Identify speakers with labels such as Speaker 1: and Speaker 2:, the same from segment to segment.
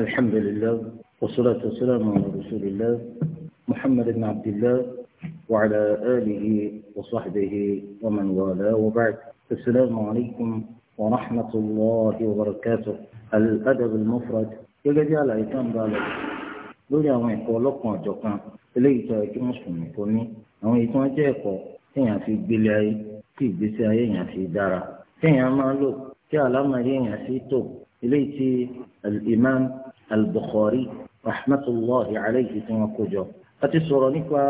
Speaker 1: الحمد لله والصلاة والسلام على رسول الله محمد بن عبد الله وعلى آله وصحبه ومن والاه وبعد السلام عليكم ورحمة الله وبركاته الأدب المفرد يجد على إيتام بالك لولا ما يقول لكم أجوكا إليه تأكي مسلم يقولني أو إيتام جايكو تنيا في بلاي في بسايا في دارا تنيا مالو كالا مريان في تو إليه الإمام البخاري رحمة الله عليه tí wọ́n kó jọ àti sọ̀rọ̀ nípa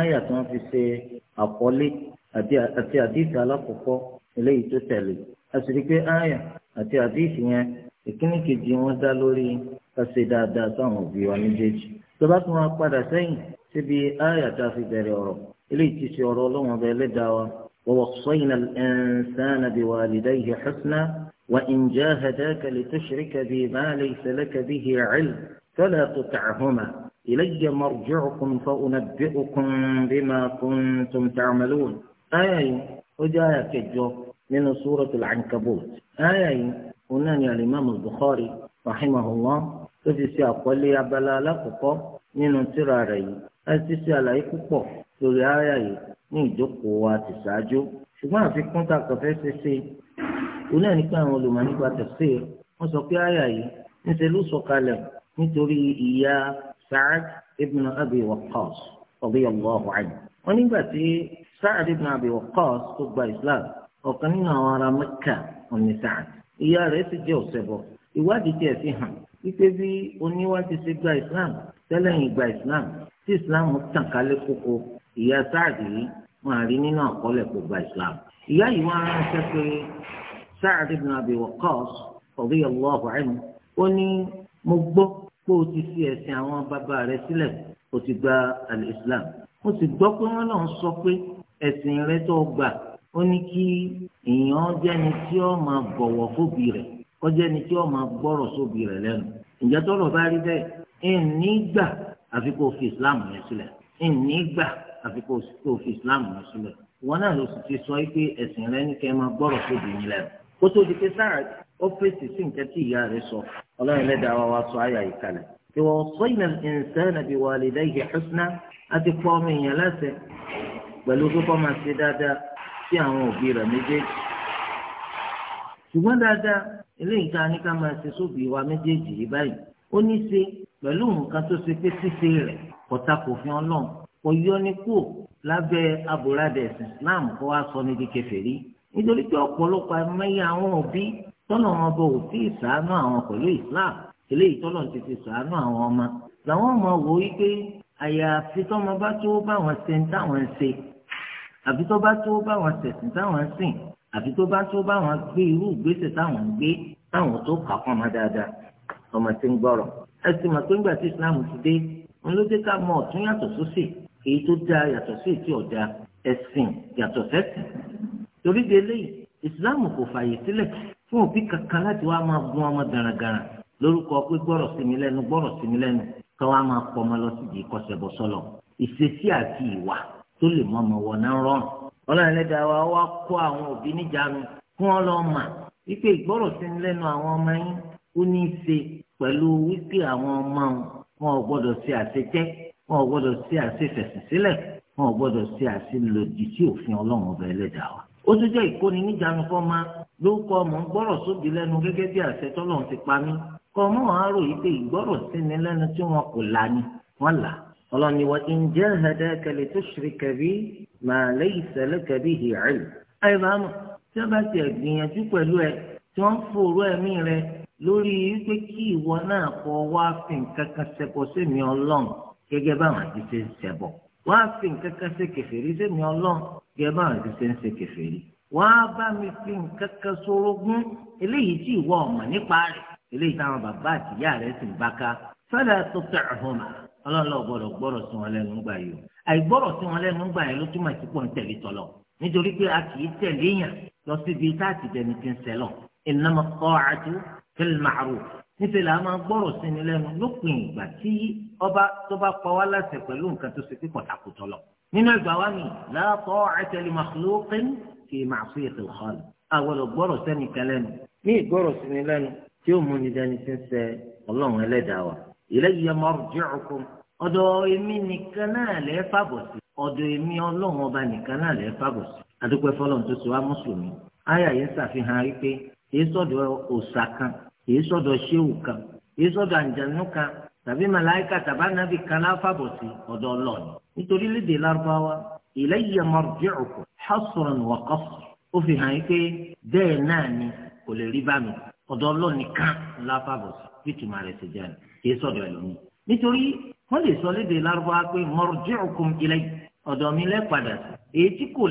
Speaker 1: àyà tí wọ́n fi ṣe àkọlé àti àdìsí آية eléyìí tó tẹ̀lé àṣírí pé àyà àti àdìsí yẹn ìkíní kejì wọn dá lórí kàṣe dáadáa sáwọn òbí wa méjèèjì tó bá tún wá padà sẹ́yìn síbi àyà tá a fi bẹ̀rẹ̀ ọ̀rọ̀ eléyìí ti ṣe ọ̀rọ̀ ọlọ́wọ́n bẹ́ẹ̀ lẹ́dàá wa wa waṣṣayna al-insana biwalidayhi husna وإن جاهداك لتشرك بي ما ليس لك به علم فلا تطعهما إلي مرجعكم فأنبئكم بما كنتم تعملون آية وجاء كجو من سورة العنكبوت آية هنا الإمام البخاري رحمه الله تفي سيقول لي أبلا لكم من سراري أتسي على إكوكو سوري آية نيجو قوات شو ما في كنت أكفي سيسي òun náà nípa àwọn olùmọ̀ nípa tafsir wọ́n sọ pé àyà yìí níṣẹ́ ló sọ kalẹ̀ nítorí ìyá Sa'ad ibn Abi Waqqas radiyallahu anhu wọ́n nígbà tí Sa'ad ibn Abi Waqqas tó gba Islam ọ̀kan nínú àwọn ará Mẹ́kà ọ̀nì Sa'ad ìyá rẹ̀ sì jẹ́ ọ̀sẹ̀bọ̀ ìwádìí tiẹ̀ fi hàn wípé bí oníwájú ti gba Islam tẹ́lẹ̀ yìí gba Islam tí Islam tàn kálẹ̀ kókó ìyá Sa'ad yìí wọ́n àrí nínú àkọọ́lẹ̀ kó gba Islam ìyá yìí wọ́n ránṣẹ́ pé Sa'ad ibn Abi Waqqas radiyallahu anhu ó ní mo gbọ́ pé o ti fi ẹ̀sìn àwọn bàbá rẹ sílẹ̀ o ti gba al-Islam mo sì gbọ́ pé wọ́n náà ń sọ pé ẹ̀sìn rẹ tó gbà ó ní kí èèyàn jẹ́ni tí ó máa bọ̀wọ̀ fóbi rẹ̀ kó jẹ́ni tí ó máa gbọ́rọ̀ sóbi rẹ̀ lẹ́nu ìjẹ́ tọ́lọ̀ bá rí bẹ́ẹ̀ ìní gbà àfi kó o fi Islam yẹn sílẹ̀ ìní gbà àfi kó o fi Islam yẹn sílẹ̀ wọn náà ló sì ti sọ pé ẹ̀sìn rẹ ní kẹ́ máa gbọ́rọ̀ sóbi yín lẹ́nu kó tó di pé sára ó fèsì sí nǹkan tí ìyá rẹ̀ sọ ọlọ́run lẹ́dàá wa wá sọ àyà yìí kalẹ̀. ìwọ sọ́yìnà insana bi walidayhi husna á ti pọ́ ọmọ èèyàn láṣẹ pẹ̀lú kíkọ́ máa ṣe dáadáa sí àwọn òbí rẹ̀ méjèèjì. ṣùgbọ́n dáadáa eléyìí ká ní ká máa ṣe sóbì wa méjèèjì yìí báyìí ó ní ṣe pẹ̀lú nǹkan tó ṣe pé ṣíṣe rẹ̀ kọ̀tà ọlọ́run kò nítorí pé ọ̀pọ̀lọpọ̀ ẹ̀mẹ́yẹ àwọn òbí tọ́nà wọn bọ̀ ò sí ìsàánú àwọn pẹ̀lú Islam eléyìí tọ́nà ti fi sàánú àwọn ọmọ làwọn ọmọ wò ó pé àyàfi tọ́mọ bá tó bá wọn ṣe ń táwọn ń ṣe àfi tó bá tó bá wọn ṣẹ̀sìn táwọn ń sìn àfi tó bá tó bá gbé irú ìgbésẹ̀ táwọn ń gbé táwọn tó kà fún ọmọ dáadáa ọmọ tí ń gbọ́rọ̀ ẹ sì mọ̀ pé ńgbà tí Islam ti dé ń ló dé ká mọ ọ̀tún yàtọ̀ sósì èyí tó dáa yàtọ̀ sí èyí tí ẹ̀sìn yàtọ̀ sẹ́sìn torí de eléyìí ìsìláàmù kò fààyè sílẹ̀ fún òbí kankan láti wá máa gun ọmọ garagara lórúkọ pé gbọ́rọ̀ sí mi lẹ́nu gbọ́rọ̀ sí mi lẹ́nu kí wọ́n á máa pọ̀ ọmọ lọ sí ìdí ìkọsẹ̀bọ sọlọ ìṣesí àti ìwà tó lè mọ ọmọ wọn náà rọrùn ọlọ́run ẹlẹ́dàá wa wá kó àwọn òbí níjàánu fún ọ lọ́ọ́ mà wípé ìgbọ́rọ̀ sí mi lẹ́nu àwọn ọmọ yín ó ní í ṣe pẹ̀lú wípé àwọn ọmọ wọn ò gbọ́dọ̀ ṣe àṣejẹ́ wọn ò gbọ́dọ̀ ṣe àṣefẹ̀sìn wọn ò gbọ́dọ̀ ṣe àṣelòdì sí òfin ọlọ́run ọba ẹlẹ́dàá wa ó tún jẹ́ ìkóni níjànú fọ́mà ló kọ́ ọmọ gbọ́rọ̀ sódì lẹ́nu gẹ́gẹ́ bí àṣẹ tọ́lọ́run ti pa mí kọ́ ọmọ àárò yìí pé ìgbọ́rọ̀ sí ni lẹ́nu tí wọn kò là ní wọ́n là ọlọ́ni wa in jahadaka li tushrika bi ma laysa laka bihi ilm. ayé bàámu tí wọ́n bá ti gbìyànjú pẹ̀lú ẹ tí wọ́n fòrò ẹ̀mí rẹ lórí pé kí ìwọ náà kọ wá fi nǹkan kan ṣẹbọ gẹ́gẹ́ báwọn ti ṣe ń ṣe kèfèrí wọ́n á bá mi fi nǹkan kan sorogún eléyìí tí ìwọ ọmọ nípa rẹ̀ eléyìí táwọn bàbá àtìyá rẹ̀ sì ń bá ká fẹ́lẹ́ tó tẹ̀ ọ̀hún mà ọlọ́lọ́ gbọ́dọ̀ gbọ́dọ̀ sí wọn lẹ́nu gbà yìí o àìgbọ́dọ̀ sí wọn lẹ́nu gbà yẹn ló túmọ̀ sí pọ̀ ń tẹ̀lé tọ̀lọ̀ nítorí pé a kì í tẹ̀lé yàn lọ síbi tá a ti dẹni ti ń sẹ́lọ̀ innama ta'atu fil ma'ruf níṣẹ́ là máa gbọ́rọ̀ sí ni lẹ́nu lópin ìgbà tí ọba tó bá pa wá láṣẹ pẹ̀lú nǹkan tó ṣe pé kọ̀tàkùtọ̀ lọ nínú ẹgbà wa mi la ta'ata li makhluqin fi ma'siyati al-khaliq àgbọ̀dọ̀ gbọ́rọ̀ sẹ́ni kẹlẹ́nu ní ìgbọ́rọ̀ sí ni lẹ́nu tí ó mú ni dání sí sẹ ọlọ́run ẹlẹ́dàá wa ilayya marji'ukum ọ̀dọ̀ èmi nìkan náà lẹ́ fàbọ̀ sí ọ̀dọ̀ èmi ọlọ́run ọba nìkan náà lẹ́ fàbọ̀ sí adúpẹ́ fọlọ́run tàbí màláìka tàbá nàbì kan láfàbọ̀ sí ọ̀dọ̀ ọlọ́ọ̀ni nítorí lédè lárúbáwá ilayya marji'ukum hasran wa qasr ó fi hàn yín pé bẹ́ẹ̀ náà ni kò lè rí bá mi ọ̀dọ̀ ọlọ́ọ̀ni kan láfàbọ̀ sí bí tùmọ̀ rẹ̀ ṣe jẹ́ kí é sọ̀dọ̀ ẹlòmíì nítorí wọ́n lè sọ lédè lárúbáwá pé marji'ukum ilayya ọ̀dọ̀ mi lẹ́ padà sí èyí tí kò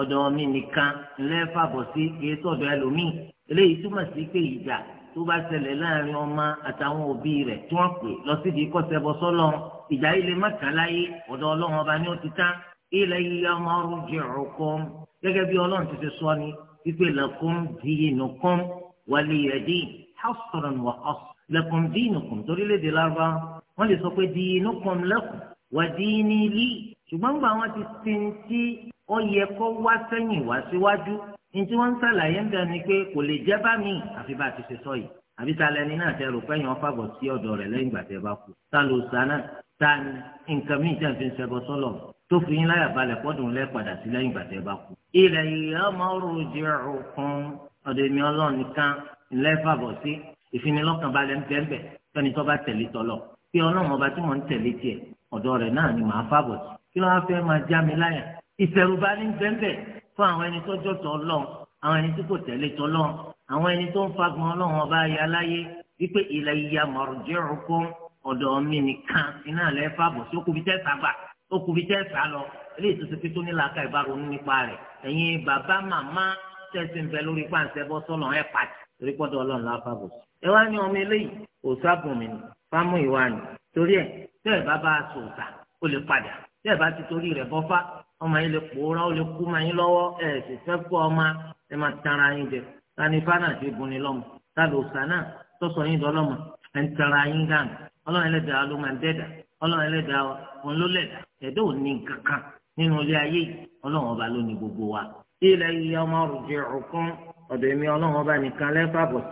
Speaker 1: ọ̀dọ̀ mi nìkan lẹ́fàbọ̀ sí kìí sọ̀dọ̀ ẹlòmíì eléyìí túmọ̀ sí pé ìjà tó bá ṣẹlẹ̀ láàrin ọmọ àtàwọn òbí rẹ̀ tí wọ́n pè lọ sí ibi kọ́sẹ̀bọ sọ́lọ́ ìjà yìí lè má kàn láyé ọ̀dọ̀ ọlọ́run ọba ni ó ti tán ilẹ̀ yíyá máa ń jẹ ọ̀kan gẹ́gẹ́ bí ọlọ́run ti fi sọ ni wípé lẹ́kùn dìínùkùn wàlẹ̀ yẹ̀dí hásùrùn wà ọ̀sùn lẹ́kùn dìínùkùn torílẹ̀-èdè lárúbá wọ́n lè sọ pé dìínùkùn lẹ́kùn wà dìínì lì ṣùgbọ́n gbà wọ́n ti sin ó yẹ kó wá sẹ́yìn wá síwájú ní tí ń ṣàlàyé ń bẹ̀ ni pé kò lè jẹ́ bá mi àfi bá a ti ṣe sọ yìí àbí ta lẹni náà tẹ rò pẹ́yìn wọn fàbọ̀ sí ọ̀dọ̀ rẹ̀ lẹ́yìn ìgbà tẹ bá kú ta ló sa náà ta ni nǹkan míì tẹ̀ fi ń ṣẹbọ sọ́lọ̀ tó fi yín láyà balẹ̀ pọ́dùn lẹ́ padà sí lẹ́yìn ìgbà tẹ bá kú. ilẹ̀ ìyọ́mọ rojú ọkùn ọ̀dọ̀ èmi ọlọ́run nìkan ń bẹ́ẹ̀ bẹ́ẹ̀ ni màá fàbọ̀ sí kí ló wá fẹ́ máa ìfẹ̀rùbá ní bẹ́ńbẹ́ fún àwọn ẹni tó jọ̀tọ̀ ọlọ́run àwọn ẹni tí kò tẹ̀lé tọlọ́run àwọn ẹni tó ń fagbọn ọlọ́run ọba ayé aláyé wípé ilẹ̀ ìyá marji'ukum ọ̀dọ̀ mi nìkan iná lẹ́ fàbọ̀ sí okùnfin tẹ́ sábà okùnfin tẹ́ sá lọ eléyìí tó ti fi tó ní làákà ìbáronú nípa rẹ̀ ẹ̀yin bàbá màmá tẹ̀sí ń bẹ lórí pàǹsẹ̀ bọ́ sọ́nà ẹ̀ pàtì torí pọ́dọ̀ ọlọ́run la fàbọ̀ sí. ẹ wá ní ọmọ eléyìí òsàbùnmí ni fámú ìwà ni torí ẹ tẹ́ ẹ bá bá a sòòtà ó lè padà tẹ́ ẹ bá ti torí rẹ̀ bọ́fá ọmọ yín lè pòórá ó lè kú mọ yín lọ́wọ́ ẹ sì fẹ́ kó ọmọ ẹ máa tara yín jẹ fana ti bùn ní lọ́mọ tàbí òsànà tọ́sọ yín dọ́lọ́mọ ẹ ń tara yín gàn ọlọ́run ẹlẹ́dàá ló máa ń dẹ́dà ọlọ́run ẹlẹ́dàá òun ló lẹ̀dà ẹ̀dá ò ní kankan nínú ilé ayé gbogbo wa. ilẹ̀ iye ọmọ ọrụ òkun ọ̀dọ̀ èmi ọlọ́run nìkan lẹ́fà bọ̀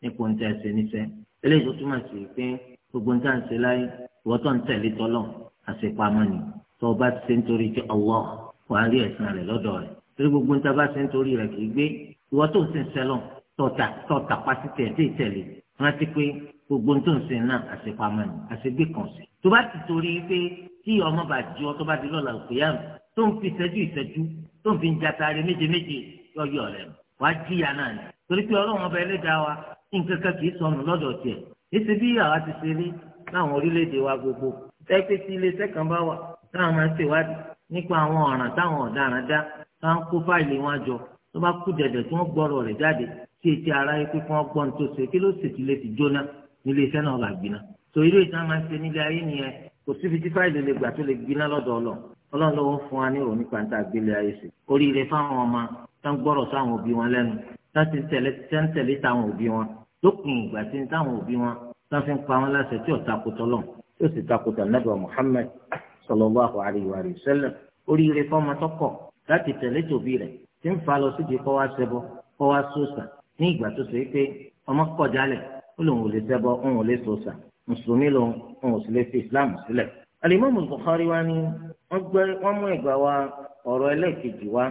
Speaker 1: sí bí eléyìí tó túmọ̀ sí pé gbogbo nǹkan ṣe láyé ìwọ tó ń tẹ̀lé tọ́lọ̀ àṣepamọ́ ni tó o bá ti ṣe nítorí tí Allah wà á rí ẹ̀san rẹ̀ lọ́dọ̀ rẹ̀ torí gbogbo nǹkan bá ṣe nítorí rẹ̀ kì í gbé ìwọ tó ń ṣe sẹ́lọ̀ tọ̀tà tọ̀tà pásítẹ̀ tí ì tẹ̀lé rántí pé gbogbo nǹkan ṣe náà àṣepamọ́ ni àṣegbè kan ṣe tó bá ń fi ìṣẹ́jú ìṣẹ́jú ni torí pé ọlọ́run nǹkan kan kì í sọnù lọ́dọ̀ tiẹ̀ èsì bí àwa ti ṣe rí láwọn orílẹ̀-èdè wa gbogbo tẹ́pẹ́ tí iléeṣẹ́ kan bá wà táwọn máa ń ṣèwádìí nípa àwọn ọ̀ràn táwọn ọ̀daràn dá táwọn kó fáìlì wọn jọ tó bá kú dẹ̀dẹ̀ tí wọ́n gbọ́rọ̀ rẹ̀ jáde tí etí ara yẹ pé kí wọ́n gbọ́n tó ṣe kí ló sì ti lè ti jóná nílé iṣẹ́ náà bá gbiná. tó irú ìtàn máa ń ṣe nílé ayé nìyẹn kò síbi tí fáìlì lè gbà tó lè gbiná lọ́dọ̀ ọlọ́ ọlọ́run ló fún wa ní ìròyìn nípa gbélé ayé sí. oríire fáwọn ọmọ tán gbọ́rọ̀ sáwọn òbí wọn lẹ́nu tán ti tẹ̀lé táwọn òbí wọn lókun ìgbà tí ní táwọn òbí wọn tí wọn fi ń pa wọn láṣẹ tí ò takùtọ lọ tí ó sì takùtọ nàbà Muhammad sallallahu alayhi wa sallam oríire fọmọ tọkọ láti tẹ̀lé tòbí rẹ̀ tí ń fa lọ síbi kọ́ wá ṣẹbọ kọ́ wá sóòsà ní ìgbà tó ṣe pé ọmọ kọ̀ jálẹ̀ ó lòun ò lè ṣẹbọ òun ò lè sóòsà mùsùlùmí lòun òun ò sì lè fi islam sílẹ̀. alimami Bukhari wa ni wọ́n gbé wọ́n mú ẹgbàá wa ọ̀rọ̀ ẹlẹ́ẹ̀kejì wa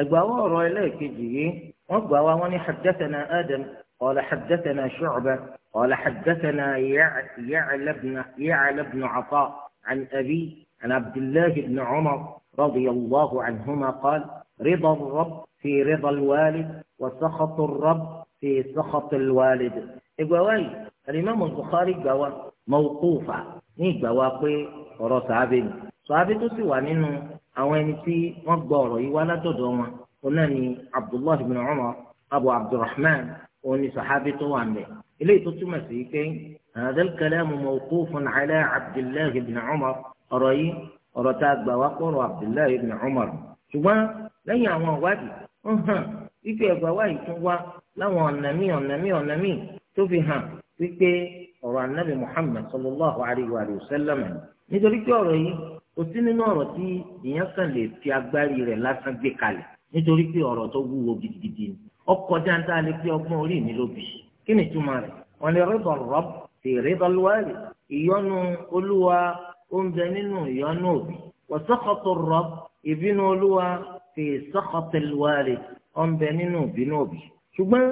Speaker 1: ẹgbàá wa ọ̀rọ̀ ẹlẹ́ẹ̀kejì yìí wọ́n gbà wá wọ́n ní haddathana Adam قال حدثنا شعبة قال حدثنا يعلى بن, يعلى بن عطاء عن أبي عن عبد الله بن عمر رضي الله عنهما قال رضا الرب في رضا الوالد وسخط الرب في سخط الوالد إبواي الإمام البخاري جوا موقوفة ní ìgbà wa pé ọ̀rọ̀ sàábé ni sàábé tó sì wà nínú àwọn ẹni tí wọ́n gbọ́ ọ̀rọ̀ yìí wá òní sàhábí tó wà mẹ́ eléyìí tó túmọ̀ sí pé hadal kalamu mawqufun ala abdullahi ibn umar ọ̀rọ̀ yìí ọ̀rọ̀ tá a gbà wá kọ́rọ̀ abdullahi ibn umar ṣùgbọ́n lẹ́yìn àwọn ìwádìí ó hàn wípé ẹgbàá wáyé tún wá láwọn ọ̀nà míì ọ̀nà míì ọ̀nà míì tó fi hàn wípé ọ̀rọ̀ anabi muhammad sallallahu alayhi wa sallam nítorí pé ọ̀rọ̀ yìí kò sí nínú ọ̀rọ̀ tí ìyẹn kan lè fi agbárí rẹ̀ lásán gbé kalẹ̀ nítorí pé ọ̀rọ̀ tó wúwo gidigidi ni ọkọ̀ dáńtá lè pé ọgbọ́n orí mi ló bì í kí ni túmọ̀ rẹ̀ wọ́n lè rẹ́bọ̀ rọ́b sí rẹ́bọ̀ lọ́ọ̀lì ìyọ́nú olúwa ó ń bẹ nínú ìyọ́nú òbí wọ́n sọ́kọ̀tò rọ́b ìbínú olúwa sí sọ́kọ̀tò lọ́ọ̀lì ó ń bẹ nínú ìbínú òbí. ṣùgbọ́n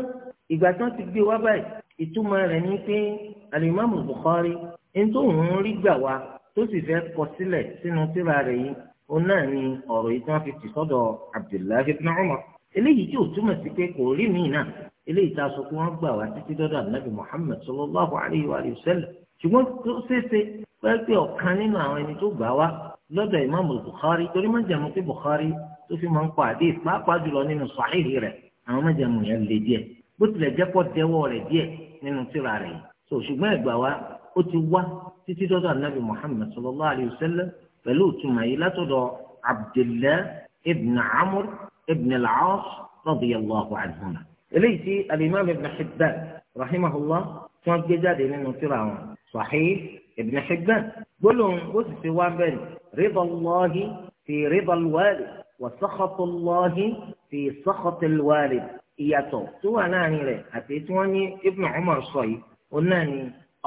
Speaker 1: ìgbà tí wọ́n ti gbé wá báyìí ìtumọ̀ rẹ̀ ni pé alimami Bukhari ń tó ń rí gbà wá tó sì fẹ́ kọ sílẹ̀ sínú tírà rẹ̀ yìí eléyìí tí ò túmọ̀ sí pé kò rí mi náà eléyìí tá a sọ pé wọ́n gbà wá títí dọ́dọ̀ ànábì Muhammad sallallahu alayhi wa sallam ṣùgbọ́n tó ṣeéṣe pé ọ̀kan nínú àwọn ẹni tó gbà wá lọ́dọ̀ ìmáàmù Bukhari torí má jẹ̀mú pé Bukhari tó fi máa ń pa àdé pàápàá jùlọ nínú sàhíhì rẹ̀ àwọn má jẹ̀mú yẹn lè díẹ̀ bó tilẹ̀ jẹ́ pọ̀ dẹ́wọ́ rẹ̀ díẹ̀ nínú tírà rẹ̀ ṣùgbọ́n ẹ̀gbà wa ó ti wá títí dọ́dọ̀ ànábì Muhammad sallallahu alayhi wa sallam pẹ̀lú ìtumọ̀ yìí látọ̀dọ̀ Abdullah ibn Amr ibn al-Aas radiyallahu anhuma eléyìí tí alimami ibn Hibban rahimahullah tí wọ́n gbé jáde nínú tírà wọn Sahih ibn Hibban gbólóhùn ó sì ti wá bẹ́ẹ̀ rida Allahi fi rida al-walid wa sakhatu Allahi fi sakhati al-walid ìyàtọ̀ tó wà láàrin rẹ̀ àti tí wọ́n ní ibn Umar sọ yìí ó náà ní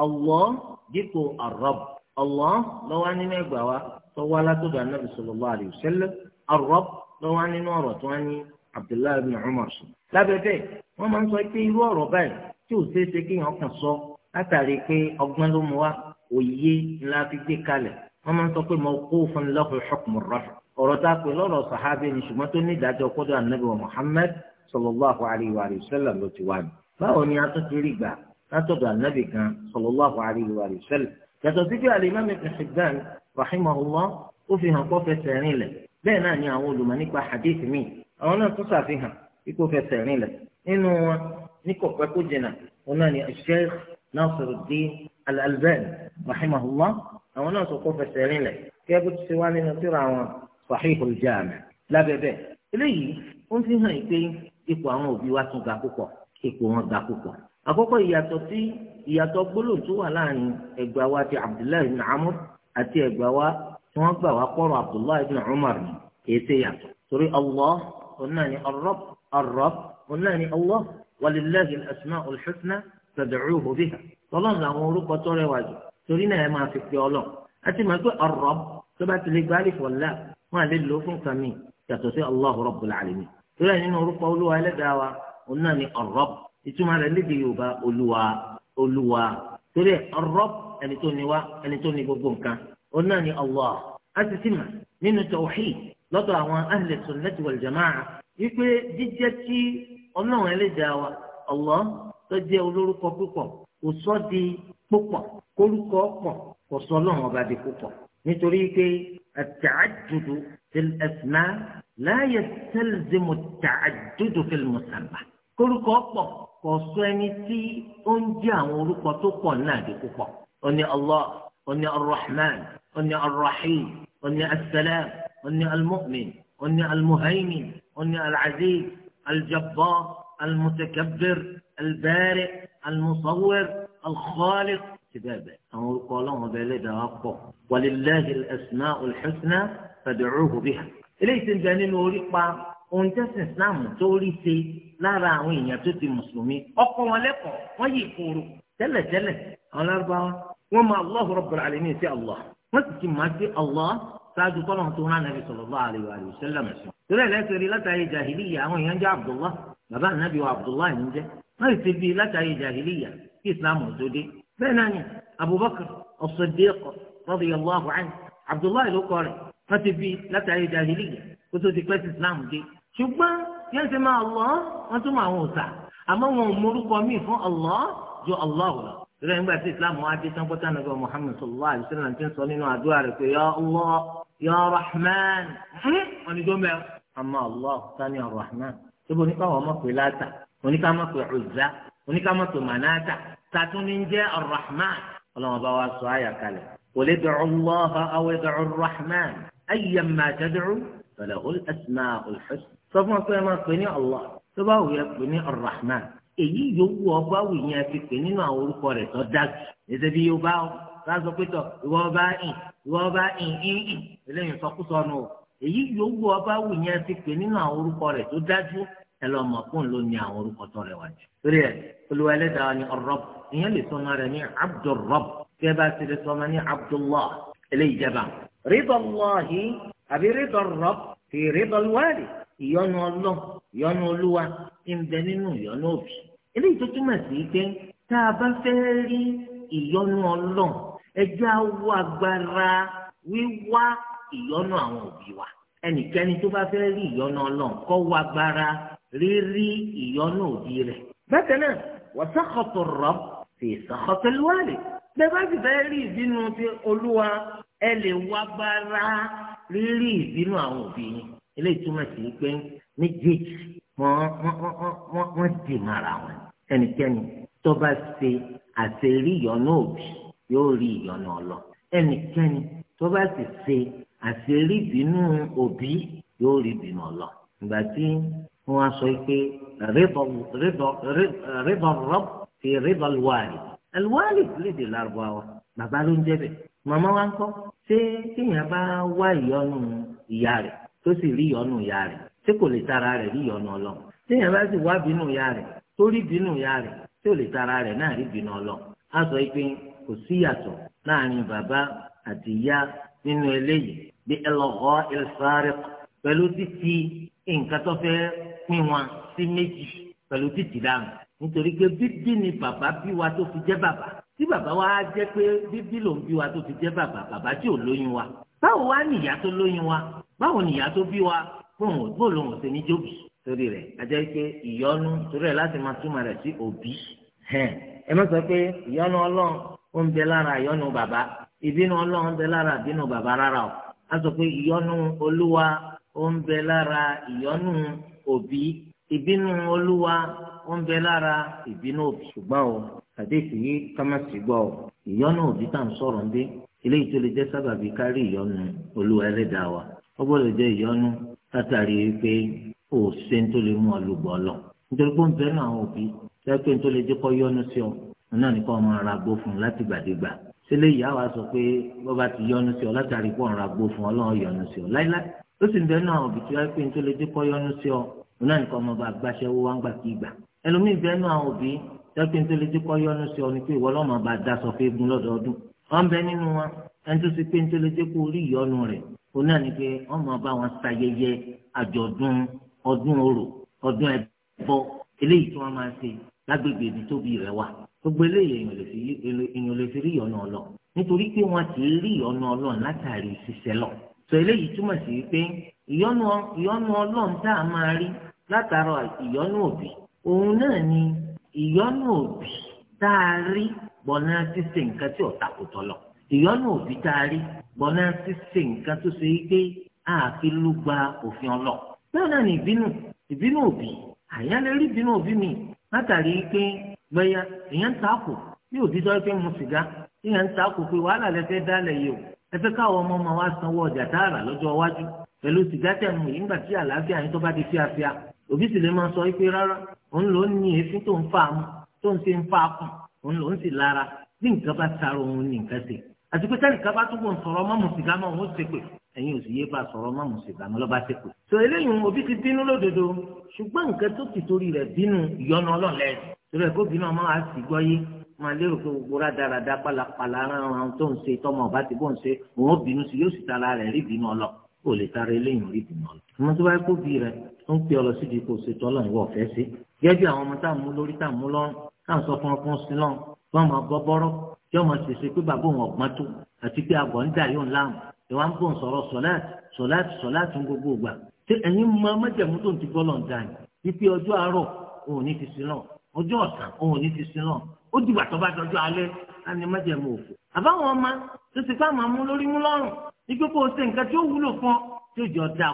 Speaker 1: Allah dípò ar-Rabb Allah lọ́wọ́ nínú ẹgbàá wa tó wá látọ̀dọ̀ anábì sallallahu alayhi wa sallam ar-Rabb lọ wá nínú ọ̀rọ̀ tí wọ́n ní abdullahi ibn umar sọ. lábẹ́ bẹ́ẹ̀ wọ́n máa ń sọ pé irú ọ̀rọ̀ báyìí tí ò ṣeé ṣe kéèyàn kàn sọ látàrí pé ọgbọ́n ló mu wá òye ńlá fi gbé kalẹ̀ wọ́n máa ń sọ pé mawqufun lahu hukmu ar-raf' ọ̀rọ̀ tá a pè lọ́rọ̀ sàhábì ni ṣùgbọ́n tó ní ìdájọ́ kọ́dọ̀ ànábì wa muhammad sallallahu alayhi wa sallam ló ti wá ní. báwo ni a tún ti rí gbà látọ̀dọ̀ ànábì kan sallallahu alayhi wa sallam. yàtọ̀ sí bí al-imam ibn hibban rahimahullah ó fi hàn kọ́ fẹsẹ̀ rìn lẹ̀ bẹ́ẹ̀ náà ni àwọn olùmọ̀ nípa hadith mi àwọn náà tún ṣàfihàn ipò fẹsẹ̀ rinlẹ̀ nínú wọn ní kọ̀pẹ́ kó jìnnà òun náà ni Sheikh Nasiruddin Al-Albani rahimahullah àwọn náà tún kó fẹsẹ̀ rinlẹ̀ kẹ́ẹ́ bó ti ṣe wá nínú tírà àwọn Sahihul Jami' lábẹ́bẹ́ eléyìí ó ń fi hàn pé ipò àwọn òbí wa tún ga púpọ̀ ipò wọn ga púpọ̀ àkọ́kọ́ ìyàtọ̀ tí ìyàtọ̀ gbólóhùn wà láàrin ẹgbàá wa ti Abdullahi tí wọ́n gbà wá pọ̀rọ̀ abdullahi ibn umar ni kìí ṣe yàtọ̀ torí allah onáà ni arab arab onáà ni allah walillahi al-asma'ul husna fad'uhu biha tọ́lọ́n làwọn orúkọ tó rẹwà jù torí náà ẹ máa fi pe ọlọ́ àti màá pé arab tó bá ti lè gba alif wọlá wọn à lè lò ó fún kàmí yàtọ̀ sí allah rabbul alamin torí ẹ̀ nínú orúkọ olúwa ẹlẹ́dàá wa onáà arab ìtumọ̀ rẹ̀ lédè yorùbá olúwa olúwa torí arab ẹni tó ni wá ẹni tó ni gbogbo nǹkan òun náà ni Allah á ti sì mà nínú tawhid lọ́dọ̀ àwọn ahli sunnati wal jama'a wípé jíjẹ́ tí ọlọ́run ẹlẹ́dàá wa Allah tó jẹ́ olórúkọ púpọ̀ kò sọ di púpọ̀ kórúkọ pọ̀ kò sọ ọlọ́run ọba di púpọ̀ nítorí pé àtàjùdù fil asma la yastalzimu àtàjùdù fil musamma kórúkọ pọ̀ kò ẹni tí ó ń jẹ́ àwọn orúkọ tó pọ̀ náà di púpọ̀ ó ní Allah oní arrahman oní arrahim oní asalam oní almu'min oní almuhaimin oní alaziz aljabbar almutakabir albari almusawir alkhaliq ti bẹ́ẹ̀ bẹ́ẹ̀. àwọn orúkọ ọlọ́run ọba ẹlẹ́dàá pọ̀ walillahi al-asma'ul husna fad'uhu biha. eléyìí ti ń bẹ nínú orí pa ohun jẹ́sìn islam tó rí ṣe lára àwọn èèyàn tó ti mùsùlùmí. ọkọ wọn lẹ́kọ̀ọ́ wọ́n yí ìkoro tẹ́lẹ̀tẹ́lẹ̀ àwọn lárúbáwá wọ́n mọ Allahu Rabbul Alamin sí Allah wọ́n sì ti mọ̀ sí Allah ṣáájú tọ́lọ́run tó rán nàbì sallallahu alaihi wa sallam ẹ̀sùn. torí ẹ̀ lẹ́sẹ̀ rí látàrí jahiliya àwọn èèyàn jẹ́ Abdullah bàbá ànábì wa Abdullah ń jẹ́ wọ́n sì ti bí látàrí jahiliya kí Islam ò tó dé. bẹ́ẹ̀ náà ni Abubakar as-Siddiq radiyallahu anhu Abdullah ló kọ rẹ̀ wọ́n ti bí látàrí jahiliya kó tó ti pẹ́ sí Islam dé. ṣùgbọ́n yẹn ti máa lọ tẹ́lẹ̀ nígbà tí islam wá dé sanpọ́tà nàbẹ́ muhammed sallallahu alayhi wa sallam ti ń sọ nínú àdúrà rẹ̀ pé ya allah ya rahman hmm? wọn ni jọ́mẹ́ àmọ́ allah sani rahman síbi oníkà wọn mọ̀ pé láta oníkà mọ̀ pé ọ̀zá oníkà mọ̀ pé manata tàtún ní jẹ́ rahman ọlọ́wọ́n bá wa sọ àyà kalẹ̀ kò lè dọ̀ọ́ allah awo dọ̀ọ́ rahman ayé máa tẹ́dọ̀ọ́ fẹlẹ̀ ol asmaa máa pè ní èyí yòówù ọba wù yẹn ti pè nínú àwọn orúkọ rẹ̀ tó dájú ẹsẹ̀ bí yorùbá o lásán pé tọ ìwọ ọba ìn ìwọ ọba ìn ìn ìn eléyìí sọkúsọ nù o èyí yòówù ọba wù yẹn ti pè nínú àwọn orúkọ rẹ̀ tó dájú ẹ lọ fún ló ní àwọn orúkọ tó rẹwà jù. torí ẹ olùwà ẹlẹ́dàá ni ọ̀rọ̀b ìyẹn lè sọmọ rẹ̀ ní abdulrọ̀b kí ẹ bá ti lè sọmọ ní abdullah eléyìí jẹba eléyìí tó túmọ̀ sí pé tá a bá fẹ́ rí ìyọ́nú ọlọ́run ẹ jẹ́ á wá agbára wíwá ìyọ́nú àwọn òbí wa ẹnikẹ́ni tó bá fẹ́ rí ìyọ́nú ọlọ́run kó wá agbára rírí ìyọ́nú òbí rẹ̀ bẹ́ẹ̀ náà wa sakhatu rabb fi sakhatil walid bẹ́ẹ̀ sì fẹ́ rí ìbínú ti olúwa ẹ lè wá agbára rírí ìbínú àwọn òbí yín eléyìí túmọ̀ sí pé méjèèjì wọ́n wọ́n dì mara wọn ẹnikẹ́ni tó bá ṣe àṣírí ìyọ́nú òbí yóò rí ìyọ́nú ọlọ ẹnikẹ́ni tó bá sì ṣe àṣírí ìbínú òbí yóò rí ìbínú ọlọ ìgbà tí wọ́n á sọ pé rírọ rọb fi rírọ lùwárì lùwárì lédè lárúbáwá bàbá ló ń jẹ́ bẹ́ẹ̀ màmá wa ń kọ́ ṣé kéèyàn bá wá ìyọ́nú ìyá rẹ̀ tó sì rí ìyọ́nú ìyá rẹ̀ tí kò lè tara rẹ̀ rí ìyọnu ọlọ́run téèyàn bá sì wá bínú ìyá rẹ̀ tó rí bínú ìyá rẹ̀ tí ò lè tara rẹ̀ náà rí bínú ọlọ́run á sọ pé kò sí ìyàtọ̀ láàrin bàbá àti ìyá nínú eléyìí bí ẹlọ́gọ́ ẹlẹ́sàárẹ̀ pẹ̀lú títí nǹkan tó fẹ́ pín wọn sí méjì pẹ̀lú títí dáhùn nítorí pé bíbí ni bàbá bí wa tó fi jẹ́ bàbá tí bàbá wa jẹ́ pé bíbí ló ń bí wa tó fi jẹ́ bàbá bàbá tí ò lóyún wa báwo wá nìyá tó lóyún wa báwo nìyá tó bí wa bóun bóun ò ṣe ní jóbi torí torí láti máa sí òbí ẹ má sọ pé ó ń bẹ lára bàbá ìbínú ń bẹ lára ìbínú bàbá rárá a sọ pé iyonu olúwa ó ń bẹ lára ìyọ́nú òbí ìbínú olúwa ó ń bẹ lára ìbínú òbí ṣùgbọ́n o àdéhùn yìí ká má sì gbọ́ o ìyọ́nú òbí tá à ń sọ̀rọ̀ ń dé eléyìí tó jẹ́ sábàbí olúwa ẹlẹ́dàá wa ó gbọ́dọ̀ látàrí wípé o ṣe ń tó lè mú ọ lùgbọ́ lọ nítorí pé ń bẹ́ẹ̀ náà àwọn òbí sẹ́pẹ́ ń tó lè jẹ́ kọ́ yọ́nú sí ọ náà ní kọ́ ọmọ ara gbó fún un láti gbàdégbà sílẹ̀ ìyá wa sọ pé bọ́ba ti yọ́nú sí ọ látàrí pé ọ̀rọ̀ agbó fún ọlọ́run yọ́nú sí ọ láíláí ó sì ń bẹ́ẹ̀ náà òbí tí wọ́n tó lè jẹ́ yọ́nú sí ọ náà ní ọmọ bá gbàṣẹ́wó wá ń gbà kí gbà ẹlòmíì bẹ́ẹ̀ náà òbí òun náà ni pé wọ́n máa bá wọn ṣayẹyẹ àjọ̀dún ọdún orò ọdún ẹbọ eléyìí tí wọ́n máa ṣe lágbègbè ibi tóbi rẹ̀ wà gbogbo eléyìí èèyàn lè fi rí ìyọnu ọlọ nítorí pé wọn kì í rí ìyọnu ọlọ látàrí ṣiṣẹ lọ sọ eléyìí túmọ̀ sí pé ìyọnu ọlọ́run tá a máa rí látara ìyọnu òbí òun náà ni ìyọnu òbí tá a rí gbọ̀nà ṣíṣe nǹkan tí ọ̀tà kò lọ ìyọnu òbí tá a rí gbọ́nà ṣíṣe nǹkan tó ṣe é pé ààfin ló gba òfin ọlọ. bẹ́ẹ̀ náà ni ìbínú ìbínú òbí àyàn lè rí ìbínú òbí mi látàrí pé gbẹ́yà èèyàn ń takò bí òbí sọ pé mu sìgá èèyàn ń takò pé wàhálà lẹ fẹ́ dálẹ̀ yìí o ẹ fẹ́ káwọn ọmọ ọmọ wa sanwó ọjà tààrà lọ́jọ́ iwájú pẹ̀lú sìgá tẹ̀ mú yìí ńgbà tí àlàáfíà yín tó bá di fíafíà òbí sì lè máa sọ pé rárá òun ló ń ní èéfín tó ń fa mu tó ń ṣe ń fa kù òun ló ń sì lára bí nǹkan bá sáré òun ní nǹkan sè àti pé sẹ́nìkan bá túbọ̀ ń sọ̀rọ̀ mọ́mù sìgá mọ́ òun ó ṣe pé ẹ̀yin ò sì yé bá sọ̀rọ̀ mọ́mù sìgá mọ́ lọ́ba ṣe pé. sọ eléyìí òbí ti bínú lódodo ṣùgbọ́n nǹkan tó ti torí rẹ̀ bínú ìyọnu ọlọ́ọ̀lẹ́ torí ẹ̀kọ́ bínú ọmọ wa sì gbọ́ yé máa lérò pé gbogbo rádaràda pálapàla aráàrán tó ń ṣe tọmọ ọba ti bó ń ṣe òun ó bínú sí yóò sì tara rẹ̀ rí bínú ọlọ kò lè tara eléyìí rí bínú ọlọ. ọmọ tó bá kó bí rẹ ó ń pè ọ lọ sí ibi kò ṣe tọ́lọ̀ ìwọ ọ̀fẹ́ sí. gẹ́gẹ́ bí àwọn ọmọ tá mú lórí tá mú lọ́rùn tá ń sọ fún ọkùnrin sí lọ́rùn fún ọmọ gbọ́ bọ́rọ́ yóò mọ ṣèṣe pé bàbá òun ọ̀gbọ́n tó àti pé àgọ́ ń dà yóò ń láàmú ìwà ń bò ń sọ̀rọ̀ sọ̀láàtì sọ̀láàtì sọ̀láàtì ń gbogbo ògbà tí ẹ̀yin máa mẹ́jẹ̀mú tó ń ti bọ́ lọ́n dání wípé ọjọ́ àárọ̀ òun ní ti sin náà ọjọ́ ọ̀sán òun ní ti sin náà ó dìgbà tó bá dọjọ́ alẹ́ á ní mẹ́jẹ̀mú òfò. àbáwọn ọmọ tó ti fáwọn amú lórí mú lọ́rùn wípé kó o ṣe nǹkan tí ó wúlò fún ọ tí ó jọ dáa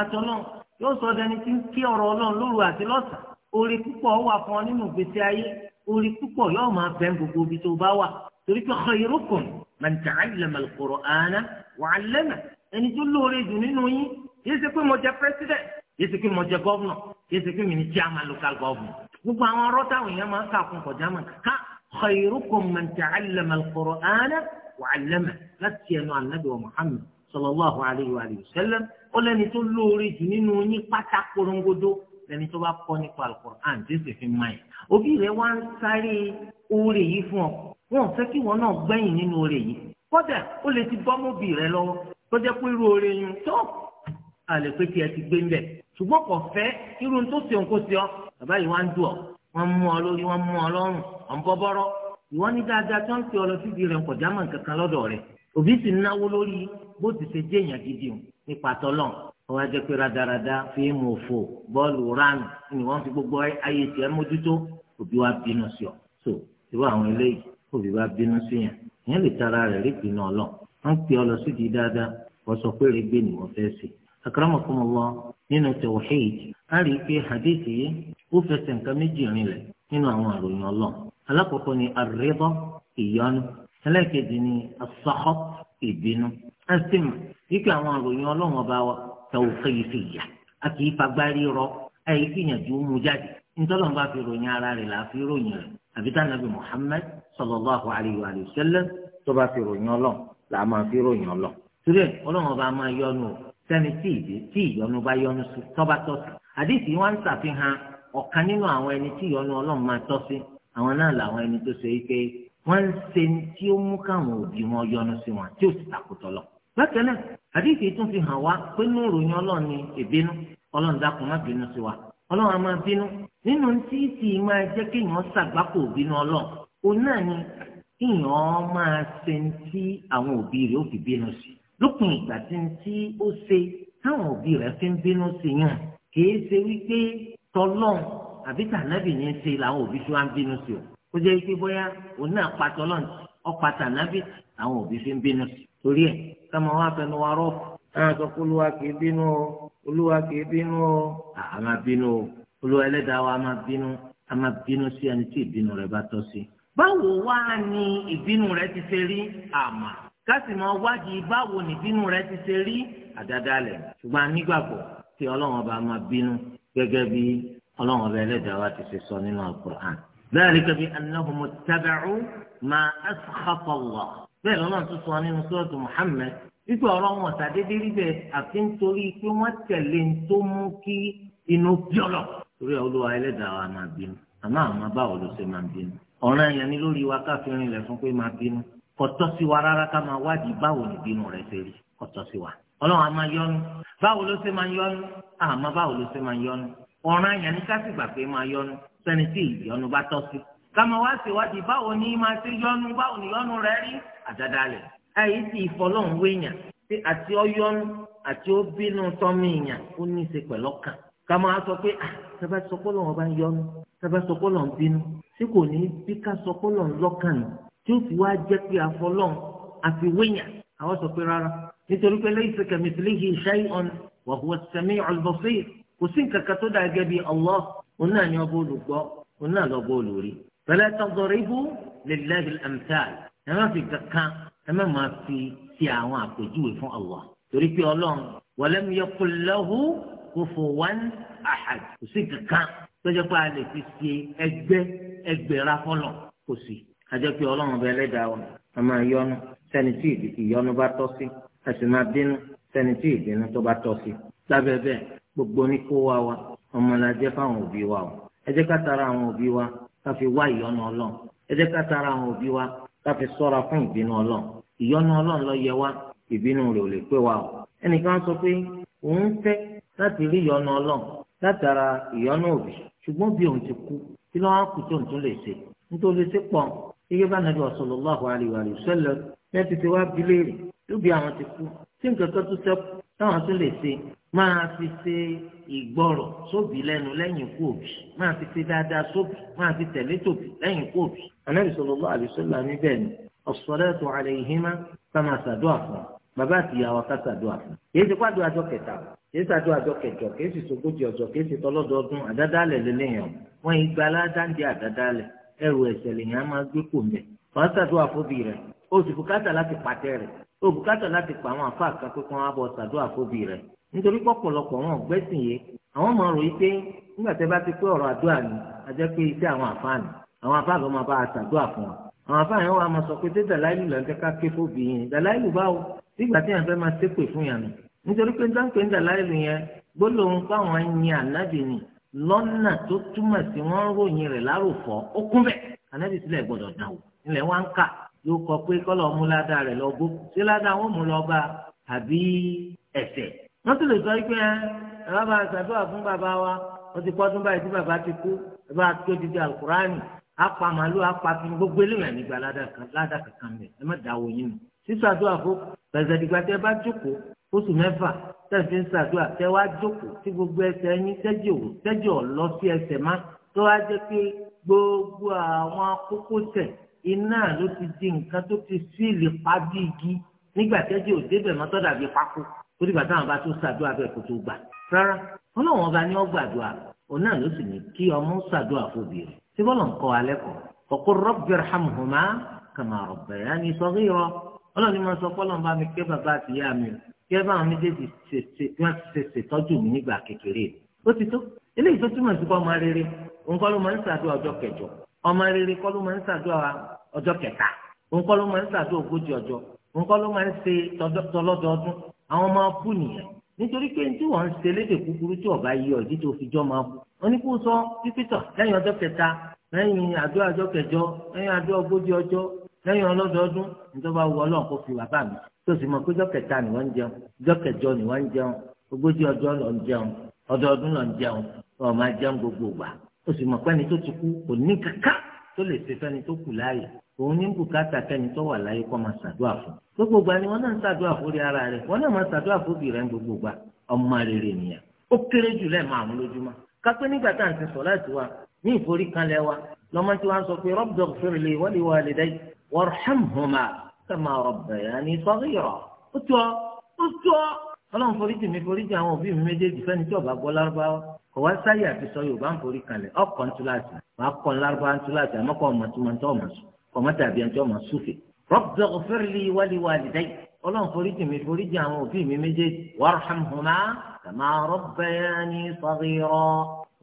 Speaker 1: fún ọ ọ yóò sọ dẹni tí ń kí ọ̀rọ̀ Ọlọ́run lóru àti lọ́sàn orí púpọ̀ wà fún ọ nínú ìgbésí ayé orí púpọ̀ yóò máa bẹ gbogbo ibi tó bá wà torí pé khairukum man ta'allama al-Qur'ana wa 'allama ẹni tó lóore jù nínú yín yìí ṣe pé mo jẹ president yìí ṣe pé mo jẹ governor yìí ṣe pé mi ní chairman local government gbogbo àwọn ọ̀rọ̀ táwọn èèyàn máa ń kà fún kọjá mà ká khairukum man ta'allama al-Qur'ana wa 'allama láti ẹnu ànábì wa sallallahu alayhi wa sallam ó lẹ́ni tó lóore jù nínú yín pátá korongodo lẹ́ni tó bá kọ́ nípa alukur'an tí ó sì fi máa yìí òbí rẹ̀ wá ń sáré oore yìí fún ọ wọn ò fẹ́ kí wọn náà gbẹ̀yìn nínú oore yìí kódà ó lè ti bọ́ mọ́bì rẹ̀ lọ́wọ́ tó jẹ́ pé irú oore yìí tó àlè pé tiẹ̀ ti gbé ń bẹ̀ ṣùgbọ́n kò fẹ́ irú tó ṣe ń kó ṣe ọ bàbá yìí wá ń dùn ọ wọ́n mú ọ lórí wọ́n mú ọ lọ́rùn ọ̀ ń bọ́ bọ́rọ́ ìwọ́n ní dáadáa tó ń ṣe ọ lọ síbi rẹ̀ kọjá mọ̀ nǹkan kan lọ́dọ̀ rẹ̀ òbí sì náwó lórí bó ti ṣe jẹ́yàn gidi o nípa tọ́lọ̀ wọ́n fi jẹ́ pé rádaràda fíìmù òfò bọ́ọ̀lù ránù ni wọ́n fi gbogbo ayé tiẹ̀ mójútó òbí wa bínú sí ọ so irú àwọn eléyìí òbí wa bínú sí yàn ìyẹn lè tara rẹ̀ rí bínú ọlọ́ wọ́n pè ọ lọ sídìí dáadáa wọ́n sọ pé rẹ̀ gbé ni wọ́n fẹ́ sí. nínú ẹlẹ́ẹ̀kejì ni asọ́kọ́ ìbínú ẹsìmù wípé àwọn àròyìn ọlọ́run ọba wa tẹ̀wò kẹ́yìfìyà a kì í fagbárí rọ ẹ̀yìn gbìyànjú mú jáde nítorí bá fi ròyìn ara rẹ̀ láàfi ròyìn rẹ̀ àbí tá nàbì Muhammad sallallahu alayhi wa sallam tó bá fi ròyìn ọlọ́run làá máa fi ròyìn ọlọ́run torí ẹ̀ ọlọ́run ọba máa yọnu o sẹ́ni tí ìdí tí ìyọnu bá yọnu sí tọ́ba tọ́ sí wọn ń ṣàfihàn ọ̀kan nínú àwọn ẹni tí ìyọnu ọlọ́run máa tọ́ àwọn náà làwọn ẹni tó ṣe é pé wọ́n ń ṣe tí ó mú káwọn òbí wọn yọ́nú sí wọn tí ó sì takùtọ lọ. bákan náà àdìsí tún fi hàn wá pé ní ìròyìn Ọlọ́run ni ìbínú Ọlọ́run dákun má bínú sí wa Ọlọ́run á máa bínú nínú tí tí máa jẹ́ kéèyàn ṣàgbákò bínú Ọlọ́run òun náà ni kéèyàn máa ṣe tí àwọn òbí rẹ̀ ó fi bínú sí lópin ìgbà tí ń tí ó ṣe táwọn òbí rẹ̀ fi ń bínú sí yàn kì í ṣe wípé tọlọ́n àbí tànàbì kó jẹ́ pé bóyá òun náà pàtó lọ́nà ọ̀pàtà nábì àwọn òbí fi ń bínú torí ẹ̀ káma wá fẹnu wa rọ́ náà sọ pé olúwa kì í bínú o olúwa kì í bínú o a máa bínú o olúwa ẹlẹ́dàá wa máa bínú a máa bínú sí ẹni tí ìbínú rẹ̀ bá tọ́ sí. báwo wá ni ìbínú rẹ̀ ti ṣe rí àmà káàsì máa wádìí báwo ni ìbínú rẹ̀ ti ṣe rí àdádálẹ̀ ṣùgbọ́n nígbàgbọ́ tí ọlọ́run ọba máa bínú gẹ́gẹ́ bí ọlọ́run ọba ẹlẹ́dàá wa ti ṣe sọ nínú Al-Qur'an ذلك بأنهم اتبعوا ما أسخط الله bẹ́ẹ̀ lọ́nà tó sọ nínú sọ́ọ̀tù Muhammad wípé ọ̀rọ̀ wọn ṣàdédé rí bẹ́ẹ̀ àfi nítorí pé wọ́n tẹ̀lé tó mú kí inú bíọ́lọ̀. torí olúwa ẹlẹ́dàá wa máa bínú àmọ́ àmọ́ báwo ló ṣe máa bínú. ọ̀ràn yẹn ni lórí wa káfíń rìn lẹ̀ fún pé máa bínú kò tọ́ sí wa rárá ká máa wádìí báwo ni bínú rẹ̀ ṣe rí kò tọ́ sí wa. ọlọ́run a máa yọnu báwo ló ṣe máa yọnu àmọ́ báwo ló ṣe máa yọnu ọ̀ràn yẹn ni ká sì gbà pé máa yọnu sẹ́ni tí ìyọnu bá tọ́ sí. káma wá ṣèwádìí báwo ni máa ṣe yọnu báwo ni yọnu rẹ rí àdádálẹ̀. ayé ti ìfọlọ́hún wéyàn tí àti ọyọnu àti obìnú tọ́mìyàn ó ní í ṣe pẹ̀lọ́kàn. káma wá sọ pé ah tẹ́fẹ́ wọn bá ń yọnu tẹ́fẹ́ sọpọ́lọ́ ń bínú tí kò ní bí ká sọpọ́lọ́ ń lọ́kàn ní tí ó fi wá jẹ́ pé àfọlọ́hún àfi wéyàn àwọn sọ pé rárá nítorí pé laysa kamithlihi òun náà ni ọba olùgbọ́ òun náà lọ́gbọ́ olùrí. fala tadribu lillahi al-amthal ẹ má fi kankan ẹ má máa fi ti àwọn àpèjúwe fún Allah torí pé ọlọ́run walam yakul lahu kufuwan ahad kò sí kankan tọ́jọ́ pé a lè fi ṣe ẹgbẹ́ ẹgbẹ̀rà fọlọ̀ kò sí. ajọ́ pé ọlọ́run bẹ lẹ́dàá wa a máa yọnu sẹ́ni tí ìyọnu bá tọ́ sí a sì máa bínú sẹ́ni tí ìbínú tó bá tọ́ sí. lábẹ́ bẹ́ẹ̀ gbogbo oníkó wa wa ọmọ la jẹ́ fáwọn òbí wa o ẹ jẹ́ ká tara àwọn òbí wa ká fi wá ìyọ́nú ọlọ́run ẹ jẹ́ ká tara àwọn òbí wa ká fi sọ́ra fún ìbínú ọlọ́run ìyọ́nú ọlọ́run ló yẹ wá ìbínú rẹ̀ ò lè pé wa o ẹnìkan sọ pé òun fẹ́ láti rí ìyọ́nú ọlọ́run látara ìyọ́nú òbí ṣùgbọ́n bí òun ti kú kí ló wá kù tó ń tún lè ṣe nítorí sí pọ̀ iye bá nàbí sallallahu alaihi wa sallam lẹ́ẹ̀tì tí wá bilé rè lóbi àwọn ti kú tí nǹkan kan tún sẹ́kù táwọn tó lè ṣe máa fi ṣe ìgbọrọ sóbì lẹ́nu lẹ́yìn ikú òbí máa fi ṣe dáadáa sóbì máa fi tẹ̀lé tòbí lẹ́yìn ikú òbí. anábì sallallahu alaihi wasallam níbẹ̀ ni as-salatu alayhima ká máa ṣàdúrà fún wa bàbá àtìyàwó ká ṣàdúrà fún wa. kì í ṣe pàdé àjọ kẹta kì í ṣàdúrà àjọ kẹjọ kì í sì sogójì ọjọ́ kì í ṣe tọlọ́dọọdún àdádálẹ̀ lélẹyìn wọn ìgbà aládàndé àdádálẹ̀ ẹrù ẹsẹ òbúkátà láti pa àwọn àfa àka pé kí wọ́n á bọ̀ ṣàdúrà rẹ̀ nítorí pọ̀pọ̀lọpọ̀ wọn gbẹ́sìn yìí àwọn pé nígbà tẹ́ bá ti pé ọ̀rọ̀ àdúrà ni a jẹ́ pé iṣẹ́ àwọn àfa ni àwọn àfa àgbà máa bá a ṣàdúrà fún wa àwọn àfa yẹn wà sọ pé dàláìlù là ń tẹ́ ká ké fóbi yẹn dàláìlù báwo nígbà tí fẹ́ máa ṣépè fún ló kọ pé kọlọ mú ládà rẹ lọ bó ṣé ládà wọn mú lọ bá àbí ẹsẹ wọn sì lè sọ pé ẹ bàbá ṣàdúrà fún bàbá wa wọn ti pọdún báyìí tí bàbá ti kú ẹ bá tó dídí alukurani apá màlúù apá fi gbogbo eléyàn nígbà ládà kankan mẹ ẹ má dáwọ yín nù sísàdúrà fún gbàgbàdìgbà tẹ bá jókòó oṣù mẹ́fà tẹ̀sí ń sàdúrà tẹ wá jókòó tí gbogbo ẹsẹ̀ yín tẹ́jì òwò tẹ́jì ọ̀lọ́ sí ẹsẹ̀ má tó wá jẹ́ pé gbogbo àwọn iná ló ti di nǹkan tó ti sílì pa bí igi nígbà tẹ́jú òde bẹ̀ mọ́tọ́ dàbí pákó ó dìgbà táwọn bá tó ṣàdúrà bẹ́ẹ̀ kó tó gbà rárá ọlọ́run ọba ni ó gbàdúrà òun náà ló sì ní kí ọmọ ṣàdúrà fòbí rẹ̀ tí bọ́lọ̀ ń kọ́ alẹ́ kọ́ ọ̀kọ́ rabbi irhamhuma kama rabbayani saghira ọlọ́run ni mo sọ pé ọlọ́run bá mi kẹ́ bàbá àti ìyá mi kí ẹ bá àwọn méjèèjì ṣe ṣètọ́jú mi nígbà kékeré ó ti tó eléyìí tó túmọ̀ sí pé ọmọ rere òun kọ́ ló máa ń ṣàdúrà ọjọ́ kẹjọ ọmọ rere kọ́ ló máa ń ṣàdúrà ọjọ́ kẹta òun kọ́ ló máa ń ṣàdúrà ogójì ọjọ́ òun kọ́ ló máa ń ṣe tọlọ́dọọdún àwọn ọmọ kú nìyẹn nítorí pé tí wọ́n ń ṣe léde kúkúrú tí ọba yí ọ̀dí tó fi jọ́ máa kú wọn ní kó sọ pípítọ̀ lẹ́yìn ọjọ́ kẹta lẹ́yìn àdúrà ọjọ́ kẹjọ lẹ́yìn àdúrà ogójì ọjọ́ lẹ́yìn ọlọ́dọọdún ìjọba wọ ọlọ́run kó fi bàbá mi tó sì mọ̀ pé ọjọ́ kẹta ni wọ́n ń jẹun ọjọ́ kẹjọ ni wọ́n ń jẹun ogójì ọjọ́ lọ ń jẹun ọdọọdún lọ ń jẹun ọ̀ máa gbogbo ìgbà O sì mọ̀ pé ẹni tó ti kú kò ní kankan tó lè ṣe fẹ́ni tó kù láàyè òun ní bùkátà kẹ́ni tó wà láyé kó máa ṣàdúrà fún gbogbo gba ni wọn náà ń ṣàdúrà fún rí ara rẹ wọn náà máa ṣàdúrà fún òbí rẹ gbogbo gba ọmọ rere nìyẹn ó kéré jù lẹ́ẹ̀ máa mú lójúmọ́ kápẹ́ nígbà tá à ń ti sọ láti wa ní ìforíkanlẹ̀ wa lọ́mọ tí wọ́n sọ pé rabbighfir warhamhuma kama rabbayani saghira ó tó ó tó ọlọ́run foríjì mi foríjì àwọn òbí mi méjèèjì fẹ́ni tí kò wá sáyè àti sọ yorùbá ń forí kalẹ̀ ọkọ̀ ntúláàsì wà á kọ́ ńlárúbá ntúláàsì àmọ́kọ́ ọmọ tó máa ń tọ́ ọmọ sùn kọ́ mọ́tà àbí ẹni tó ọmọ súfè. rọ́bìtì ọ̀fẹ́rẹ́lì wàlíwàlídẹ́ ọlọ́run foríjì mi foríjì àwọn òbí mi méjèèjì warhamhuma kàmá rọ́bẹ̀yání sọ́rírọ́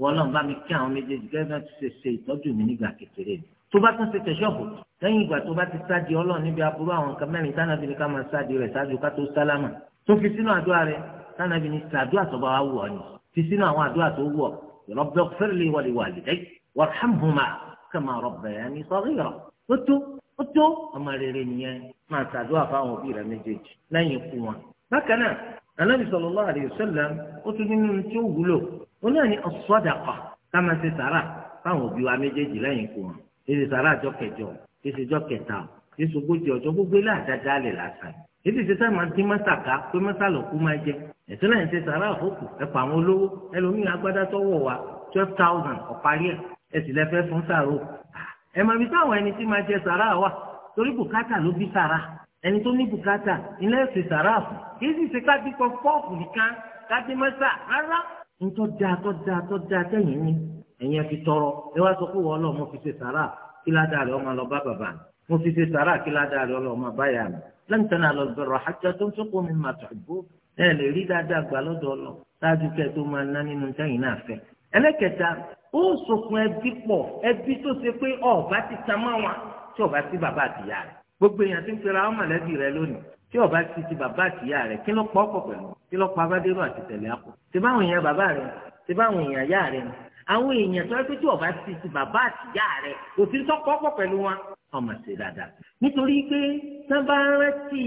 Speaker 1: wọ́lọ́n bá mi kí àwọn méjèèjì gẹ́gẹ́ bá ti ṣe ṣe ìtọ́jú mi nígbà kékeré mi. tó bá tún ṣe tẹ̀sọ́ọ̀bù lẹ́yìn ìgbà tó bá ti sáàdì ọlọ́run níbi aburú àwọn nǹkan mẹ́rin tánàbí ni ká máa sáàdì rẹ̀ ṣáájú ká tó sálámà tó fi sínú àdúrà rẹ̀ tánàbí ni sàdúrà tó bá wù ọ́ nìyí fi sínú àwọn àdúrà tó wù ọ́ rabbighfir li wa li walidayya warhamhuma kama rabbayani saghira ó tó ó tó ọmọ rere nìyẹn máa ṣàdúrà fáwọn òbí rẹ méjèèjì lẹ́yìn ikú wọn. bákan náà anabi sallallahu alayhi wa sallam ó tún nínú tí ó wúlò ó náà ní as-sadaqa ká sàrà fáwọn òbí wa méjèèjì lẹ́yìn ikú wọn èsì sàrà àjọ kẹjọ èsì ọjọ́ kẹta èsì ogójì ọjọ́ gbogbo ilé àdáda lè lásán ètò ìṣẹ́sẹ́ máa dín mọ́sàká pé mọ́sàlọ̀ kú máa jẹ ẹ̀tọ́ náà ń ṣe sàrà àfọ́kù ẹ̀pọ̀ àwọn olówó ẹlòmíràn agbádá tọ́wọ̀ wa twelve thousand ọ̀parí ẹ̀ ẹ̀ sì lẹ́fẹ́ fún sàrò ẹ̀ mọ̀ ibi táwọn ẹni tí máa jẹ sàrà wà torí bùkátà ló bí sàrà ẹni tó ní bùkátà ilé ẹ̀sìn sàrà fún kì sì ṣe ká kan fọ́ọ̀kù nìkan ká dín mọ́sà rárá ntọ́ da tọ́ da tọ́ da tẹ̀yìn ni ẹ̀yin fi tọrọ ẹ wá sọ pé wọ́n lọ mo fi ṣe sàrà kí ládàá lan tanalul birra hatta tunfiqu mimma tuhibbun ẹ lè rí dáadáa gbà lọ́dọ̀ ọlọ ṣáájú kẹ́ tó máa ná nínú tẹ̀yìn náà fẹ́. ẹlẹ́kẹta ó sokun ẹbí pọ̀ ẹbí tó ṣe pé ọba ti ta mọ́ wọn tí ọba sí bàbá àtìyá rẹ̀ gbogbo èèyàn ti ń pera ọmọ lẹ́bí rẹ lónìí tí ọba ti ti bàbá àtìyá rẹ̀ kí ló pọ̀ ọkọ̀ pẹ̀lú kí ló pa abádéró ọmọ ṣe dáadáa nítorí pé tán bá rántí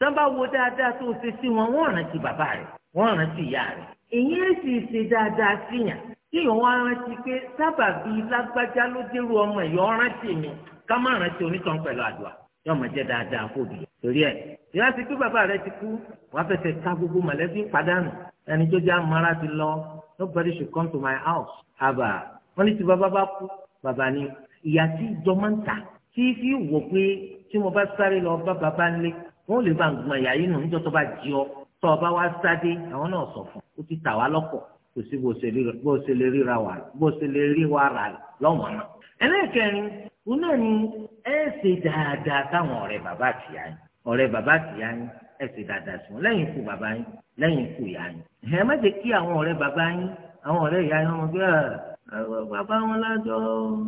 Speaker 1: tán bá wo dáadáa tó ṣe sí wọn wọ́n rántí bàbá rẹ̀ wọ́n rántí ìyá rẹ̀ èyí ń sì ṣe dáadáa síyàn kíyàn wá rántí pé sábàbí lágbájá ló dérú ọmọ ìyọ rántí mi ká má rántí onítàn pẹ̀lú àdúrà yóò máa jẹ́ dáadáa fòbí torí ẹ̀ ìyá ti pé bàbá rẹ̀ ti kú wàá fẹsẹ̀ ká gbogbo mọ̀lẹ́bí pàdánù ẹni tó jẹ́ amara ti lọ nobody should come to my house. àbà wọn ní tí bàbá bá kú bàbá ni ìyá tí ìjọ máa ń ta tí fi wò pé tí mo bá sáré lọ bá bàbá nílé wọn ò lè bá nǹkan ìyá yìí nù níjọ́ tó bá jí ọ tó o bá wá sáde àwọn náà sọ fún ó ti tà wá lọ́pọ̀ kò sí bó ṣe lè ríra wà bó ṣe lè rí wa rà lọ́mọ́nà. ẹlẹ́kẹrin òun náà ni ẹ ṣe dáadáa táwọn ọ̀rẹ́ bàbá àtìyá yín ọ̀rẹ́ bàbá àtìyá yín ẹ ṣe dáadáa sí wọn lẹ́yìn ikú bàbá yín lẹ́yìn ikú ìyá yín. ẹ má jẹ́ kí àwọn ọ̀rẹ́ bàbá yín àwọn ọ̀rẹ́ ìyá bàbá wọn lájọ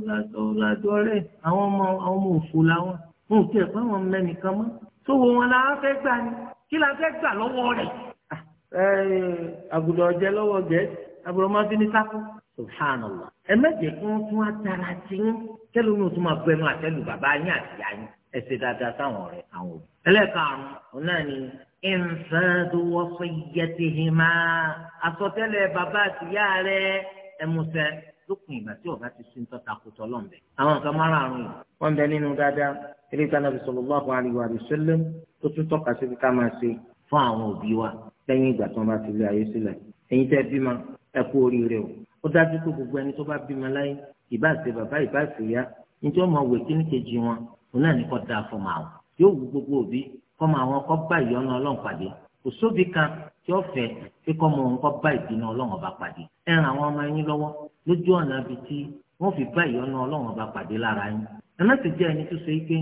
Speaker 1: lájọ lájọ rẹ àwọn ọmọ àwọn ọmọ òfò làwọn wọn ò tiẹ̀ pé àwọn mẹ́nìkan mọ́ sówó wọn la fẹ́ gbà ni kí la fẹ́ gbà lọ́wọ́ rẹ̀. Ah, eh, àgùdọ̀ ọ̀jẹ̀ lọ́wọ́ gẹ̀ẹ́sì àbúrò máa fi ní sáfù subhanallah ẹ mẹ́jẹ̀ kí wọ́n tún atara sí yín kẹ́lu ní o tún máa gbẹnu àtẹ́lu bàbá yín àti ìyá yín ẹ ṣe dáadáa sáwọn ọ̀rẹ́ àwọn òbí. ẹlẹ́karùn òun náà ni ìnfẹ́dúwọ́sọ yẹtìhìmá àsọtẹ́lẹ̀ bàbá àti rẹ̀ ẹmusẹ lókun ìgbà tí ọba ti sin tọ́ta kò tọ́ lọ́nbẹ̀. àwọn nǹkan márààrún yìí. wọ́n bẹ nínú dáadáa eré ìtàn Ànábì sallallahu alaihi wa sallam tó tún tọ́ka sí ká máa ṣe fún àwọn òbí wa lẹ́yìn ìgbà tí wọ́n bá ti lé ayé sílẹ̀. ẹ̀yin tẹ́ bímọ ẹ kú oríire o. ó dájú pé gbogbo ẹni tó bá bímọ láyé ìbá ṣe bàbá ìbá ṣe ìyá níjọ́ máa wẹ̀ kí níkejì wọn òun náà ní kọ́ dáa fún màá yóò wù gbogbo òbí kọ́ máa wọn kọ́ bá ìyọ́nà ọlọ́run kò sóbì kan tí ó fẹ́ pé kọ́ mọ nǹkan bá ìdènà ọlọ́run ọba pàdé ẹ ràn àwọn ọmọ yín lọ́wọ́ lójú ọ̀nà ibi tí wọ́n fi bá ìyọ́nà ọlọ́run ọba pàdé lára yín ẹ̀mẹ́ sì jẹ́ ẹni tó ṣe pé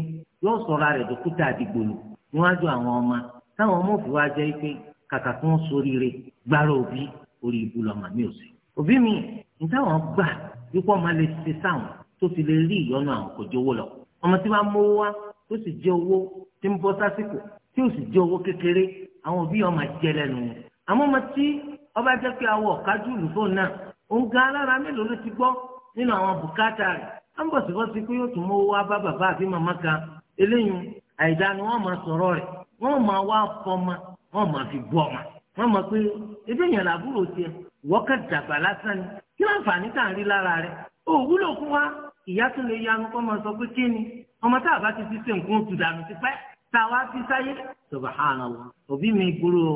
Speaker 1: yóò sọra rẹ̀ dókítà àdìgbòlù níwájú àwọn ọmọ táwọn ọmọ òfin wa jẹ́ pé kàkà tó ń soríire gbára òbí orí ibu lọ́mọ mi ò sí. òbí mi nítawọn gbà wípé ọmọ lè ṣe sáwọn tó fi lè rí ìyọ́nà àwọn kò jówó lọ ọmọ tí wàá mówó wá tó sì jẹ́ owó tí ń bọ́ sásìkò tí ò sì jẹ́ owó kékeré àwọn òbí ọmọ jẹ lẹ́nu àmọ́ ọmọ tí ọba jẹ́ pé awọ kájú olùkọ́ náà òun gan alára mélòó ló ti gbọ́ nínú àwọn bùkátà rẹ̀ á ń bọ̀ sí fọ́sí pé yóò tún mọ́ owó wá bá bàbá àbí màmá kan eléyìí àìdá ni wọ́n máa sọ̀rọ̀ rẹ̀ wọ́n máa wá fọmọ wọ́n máa fi bú ọmọ wọ́n máa pé ebi èèyàn làbúrò tiẹ̀ wọ́kẹ́ dàgbà lásán ni kí láǹfààní tá à ń rí lára rẹ̀ ó wúlò fún wa ìyá tún lè yanu kọ́ máa sọ pé kí ni ọmọ tá a bá ti fi ṣe nǹkan oṣù dànù ti pẹ́ tá a wá fi sáyé subhanallah òbí mi gbúrò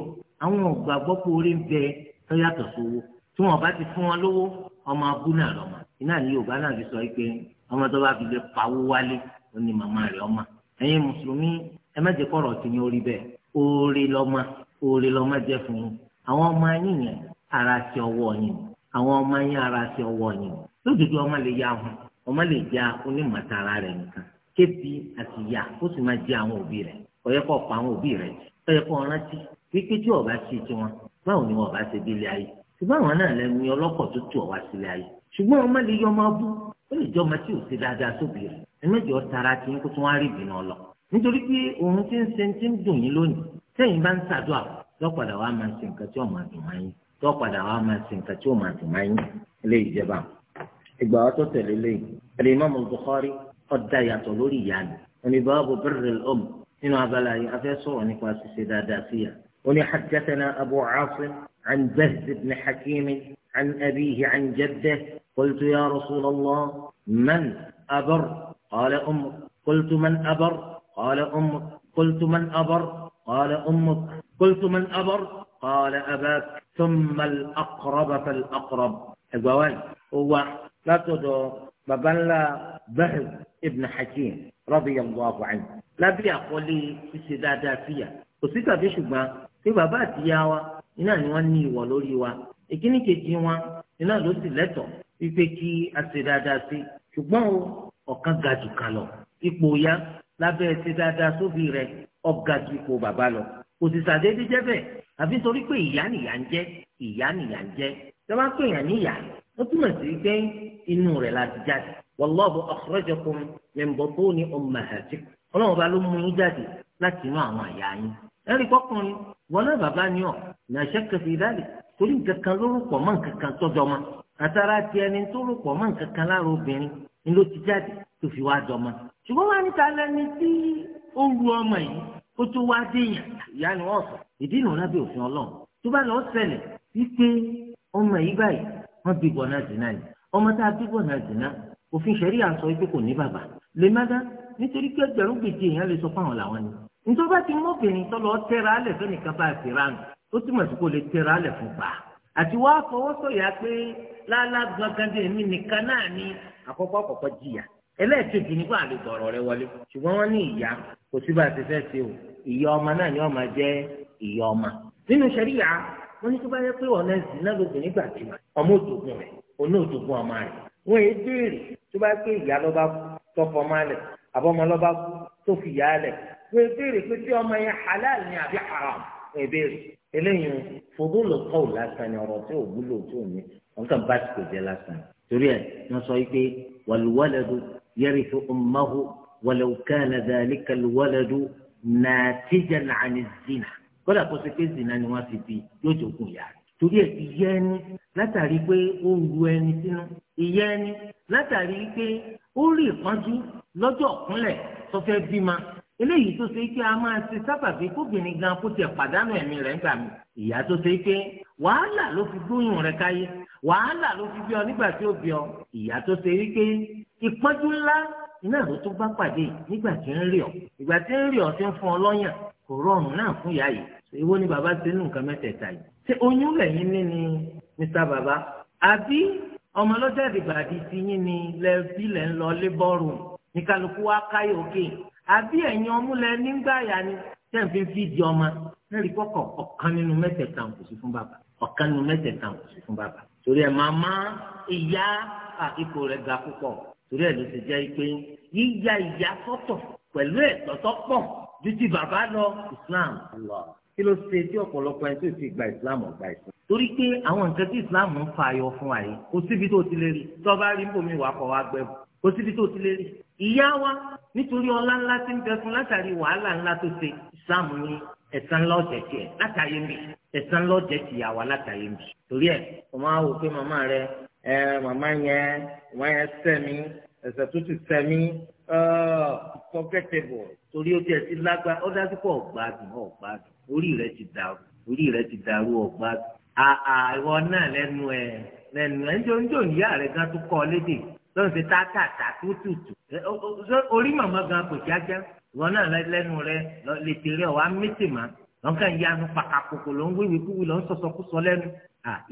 Speaker 1: àwọn ògbàgbọ́ pé orí ń bẹ tó yàtọ̀ sówó tí wọn bá ti fún wọn lówó ọmọ abú náà lọ́mọ iná ní yorùbá náà fi sọ pé ọmọ tó bá fi lè pawó wálé ó ní màmá rẹ̀ ọmọ ẹ̀yin mùsùlùmí ẹ má jẹ́ kọ̀rọ̀ ti yín orí bẹ́ẹ̀ oore lọ́mọ oore lọ́mọ jẹ́ fún yín àwọn ọmọ yín yẹn ara ti ọwọ́ yín àwọn ọmọ yín ara ti ọwọ́ yín lójoojú ọmọ lè ya ọmọ lè ja onímọ̀tara rẹ̀ nìkan kébi àti ya, kó sì máa jẹ àwọn òbí rẹ̀ ọyẹ kó pa àwọn òbí rẹ̀ ọyẹ kó rántí wípé tí ọba ṣe tiwọn báwo ni ọba ṣe délé ayé ṣùgbọ́n àwọn náà lẹ́nu ọlọ́kọ̀ tó tu ọ̀wá sílé ayé ṣùgbọ́n ọmọ lè yọ ọmọ bú ó lè jọ ọmọ tí ò ṣe dáadáa sóbì rẹ̀ ẹ̀mẹ́jọ tara ti ń kó tó wá rí ìbìnà lọ nítorí pé òun ti ń ṣe ti ń dùn yín lónìí sẹ́yìn bá ń ṣàdúrà lọ́padà wàá máa ṣe nǹkan tí ò máa dùn máa yín lọ́padà wàá máa ṣe nǹkan tí ò máa dùn máa yín lè ìjẹba ìgbà wa tó tẹ̀lé lẹ́yìn imam al ọ̀dà yàtọ̀ lórí ìyá ni wọn ẹni báàbò bẹ̀rẹ̀ ọ̀m nínú abala yìí afẹ́ sọ̀rọ̀ nípa ṣíṣe dáadáa sí yà wọn oní hajjatana abu caasim an bẹ́sẹ̀ ibn hakimi an abihi an jẹ́dẹ́ qultu ya rasulallah man abar qaala umr qultu man abar qaala umr qultu man abar qaala ummuk qultu man abar qaala abak ثم الأقرب ẹgbẹ́ wa ni ó wá látọ̀dọ̀ babalá بهز ibn hakim radiyallahu anhu lábẹ́ àkọlé ṣíṣe dáadáa síyà kò sí tàbí ṣùgbọ́n pé bàbá àtìyá wa iná ni wọ́n ní ìwọ̀ lórí wa ìkíní kejì wọn iná ló sì lẹ́tọ̀ wípé kí a ṣe dáadáa sí ṣùgbọ́n o ọ̀kan ga jù kan lọ ipò ya lábẹ́ ṣe dáadáa sóbì rẹ ọ̀gá ju ipò bàbá lọ kò sì ṣàdédé jẹ́ bẹ́ẹ̀ àfi torí pé ìyá nìyà ń jẹ́ ìyá nìyà ń jẹ́ ṣé pè yàn níyà ó túmọ̀ sí pé inú rẹ̀ la jáde wallahu akhrajakum min butuni ummahatikum ọlọ́run ọba ló mú yín jáde láti inú àwọn àyà yín kọkùnrin bàbá ni kẹfì torí nǹkan kan ló rúpọ̀ nǹkan kan ma àtàrà ti ẹni tó rúpọ̀ nǹkan kan lára obìnrin ni ma ṣùgbọ́n níta tí ó ru ọmọ yìí ó tó wá déyàn ìyá ni wọ́n sọ ìdí òfin ọlọ́run tó bá lọ wípé ọmọ yìí báyìí wọ́n bí náà dì náà ọmọ tá òfin ṣẹ̀rí à ń sọ pé kò ní bàbá lè má dá nítorí pé ẹgbẹ̀rún gbèjì èèyàn lè sọ fáwọn làwọn ni. ìjọba ti mú obìnrin tó lọ tẹ́ra alẹ̀ fẹ́nìkan bá ti ránù ó túmọ̀ sí kó lè tẹ́ra alẹ̀ fún pa. àti wá fọwọ́sọ̀yà pé lálá gbọ̀ngàndé mi nìkan náà ni àkọ́kọ́ àkọ́kọ́ jìyà ẹlẹ́ẹ̀kejì nípa àlejò ọ̀rọ̀ rẹ wọlé ṣùgbọ́n wọ́n ní ìyá kò sí bá ti fẹ́ ṣe o ìyá ọmọ náà ni ọmọ jẹ́ ìyá ọmọ nínú ṣẹ̀ríyà wọ́n ní tó bá yẹ pé wọn èé béèrè tó bá pé ìyá ló bá tọkọ máa lẹ àbọmọ ló bá tó fi ìyá lẹ wọn èé béèrè pé tí ọmọ yẹn halal ni àbí haram wọn èé béèrè eléyìí fòdó ló kọ́ ò lásán ni ọ̀rọ̀ tí ò wúlò tí ò ní wọn kàn bá ti kò jẹ lásán torí ẹ wọn sọ pé wàlúwàlẹ́dù yẹrì fún ọmọhu wàlúkàlà dàlíkàlúwàlẹ́dù nàtíjà nàánì zina kódà kó ṣe zina ni wọn fi bí yóò jókòó yára torí ẹ̀ ti yẹ ẹni látàrí pé ó ru ẹni sínú ìyẹ ẹni látàrí pé ó rí ìpọ́njú lọ́jọ́ ọ̀kúnlẹ̀ tó fẹ́ bímọ eléyìí tó ṣe pé a máa ṣe sábàbí kóbìnrin gan kó tiẹ̀ pàdánù ẹ̀mí rẹ̀ ńgbà mí ìyá tó ṣe pé wàhálà ló fi gbóyún rẹ̀ káyé wàhálà ló fi bí ọ nígbà tí ó bí ọ ìyá tó ṣe pé ìpọ́njú ńlá iná ló tún bá pàdé nígbà tí ń rí ọ ìgbà tí ń rí ọ ti ń fún ọ lọ́yàn kò rọrùn náà fún ìyá yìí èwo ni bàbá ṣe nù nǹkan mẹ́tẹ̀ẹ̀ta yìí ṣé oyún lẹ́yìn ní ni mr baba àbí ọmọ lọ́jọ́ ìbàdí ti yín ni lẹ́ẹ̀bí lẹ́ ń lọ lébọ́ọ̀rù ní kálukú wá káyọ̀ òkè àbí ẹ̀yin ọmúlẹ̀ nígbà ni tẹ̀ ń fi fídì ọmọ lẹ́rìí kọ́kọ́ ọ̀kan nínú mẹ́tẹ̀ẹ̀ta kò sí fún bàbá ọ̀kan nínú mẹ́tẹ̀ẹ̀ta kò sí fún bàbá torí ẹ̀ màmá ìyá ipò rẹ̀ ga púpọ̀ torí ẹ̀ ló ti jẹ́ pé yíya ìyá sọ́tọ̀ pẹ̀lú ẹ̀tọ́ tó ju ti bàbá lọ Islam lọ kí ló ṣe tí ọ̀pọ̀lọpọ̀ ẹni tó ti gba ìsìláàmù ọ̀gbà ìsìláàmù. torí pé àwọn nǹkan tí ìsìláàmù ń fa ayọ̀ fún wa yìí kò síbi tó ti lè rí tó bá rí bòmí wà kọ́ wa gbẹ̀bù kò síbi tó ti lè rí. ìyá wa nítorí ọlá ńlá tí ń bẹ fún látàrí wàhálà ńlá tó ṣe ìsìláàmù ní ẹ̀sán ńlá ọ̀jẹ̀ tiẹ̀ látàrí mi ẹ̀sán ńlá ti yà wá látàrí mi. torí ẹ mo máa wò pé màmá rẹ ẹ màmá yẹn Uh, comfortable torí ó tiẹ̀ ti lágbá ó dájú pé ọ̀gbádùn ọ̀gbádùn orí rẹ̀ ti dàrú orí rẹ̀ ti dàrú ọ̀gbádùn àà ìwọ náà lẹ́nu ẹ̀ lẹ́nu ẹ̀ ńjọ́ ńjọ́ ìyá rẹ̀ gan tó kọ́ lédè lọ́n ti tátàtà tútùtù orí màmá gan kò jájá ìwọ náà lẹ́nu rẹ̀ lè tèrè ọ̀wá mẹ́tìmá lọ́n kàn yanu pàkàkùkù ló ń wíwí kúwì ló ń sọ̀sọ̀kúsọ lẹ́nu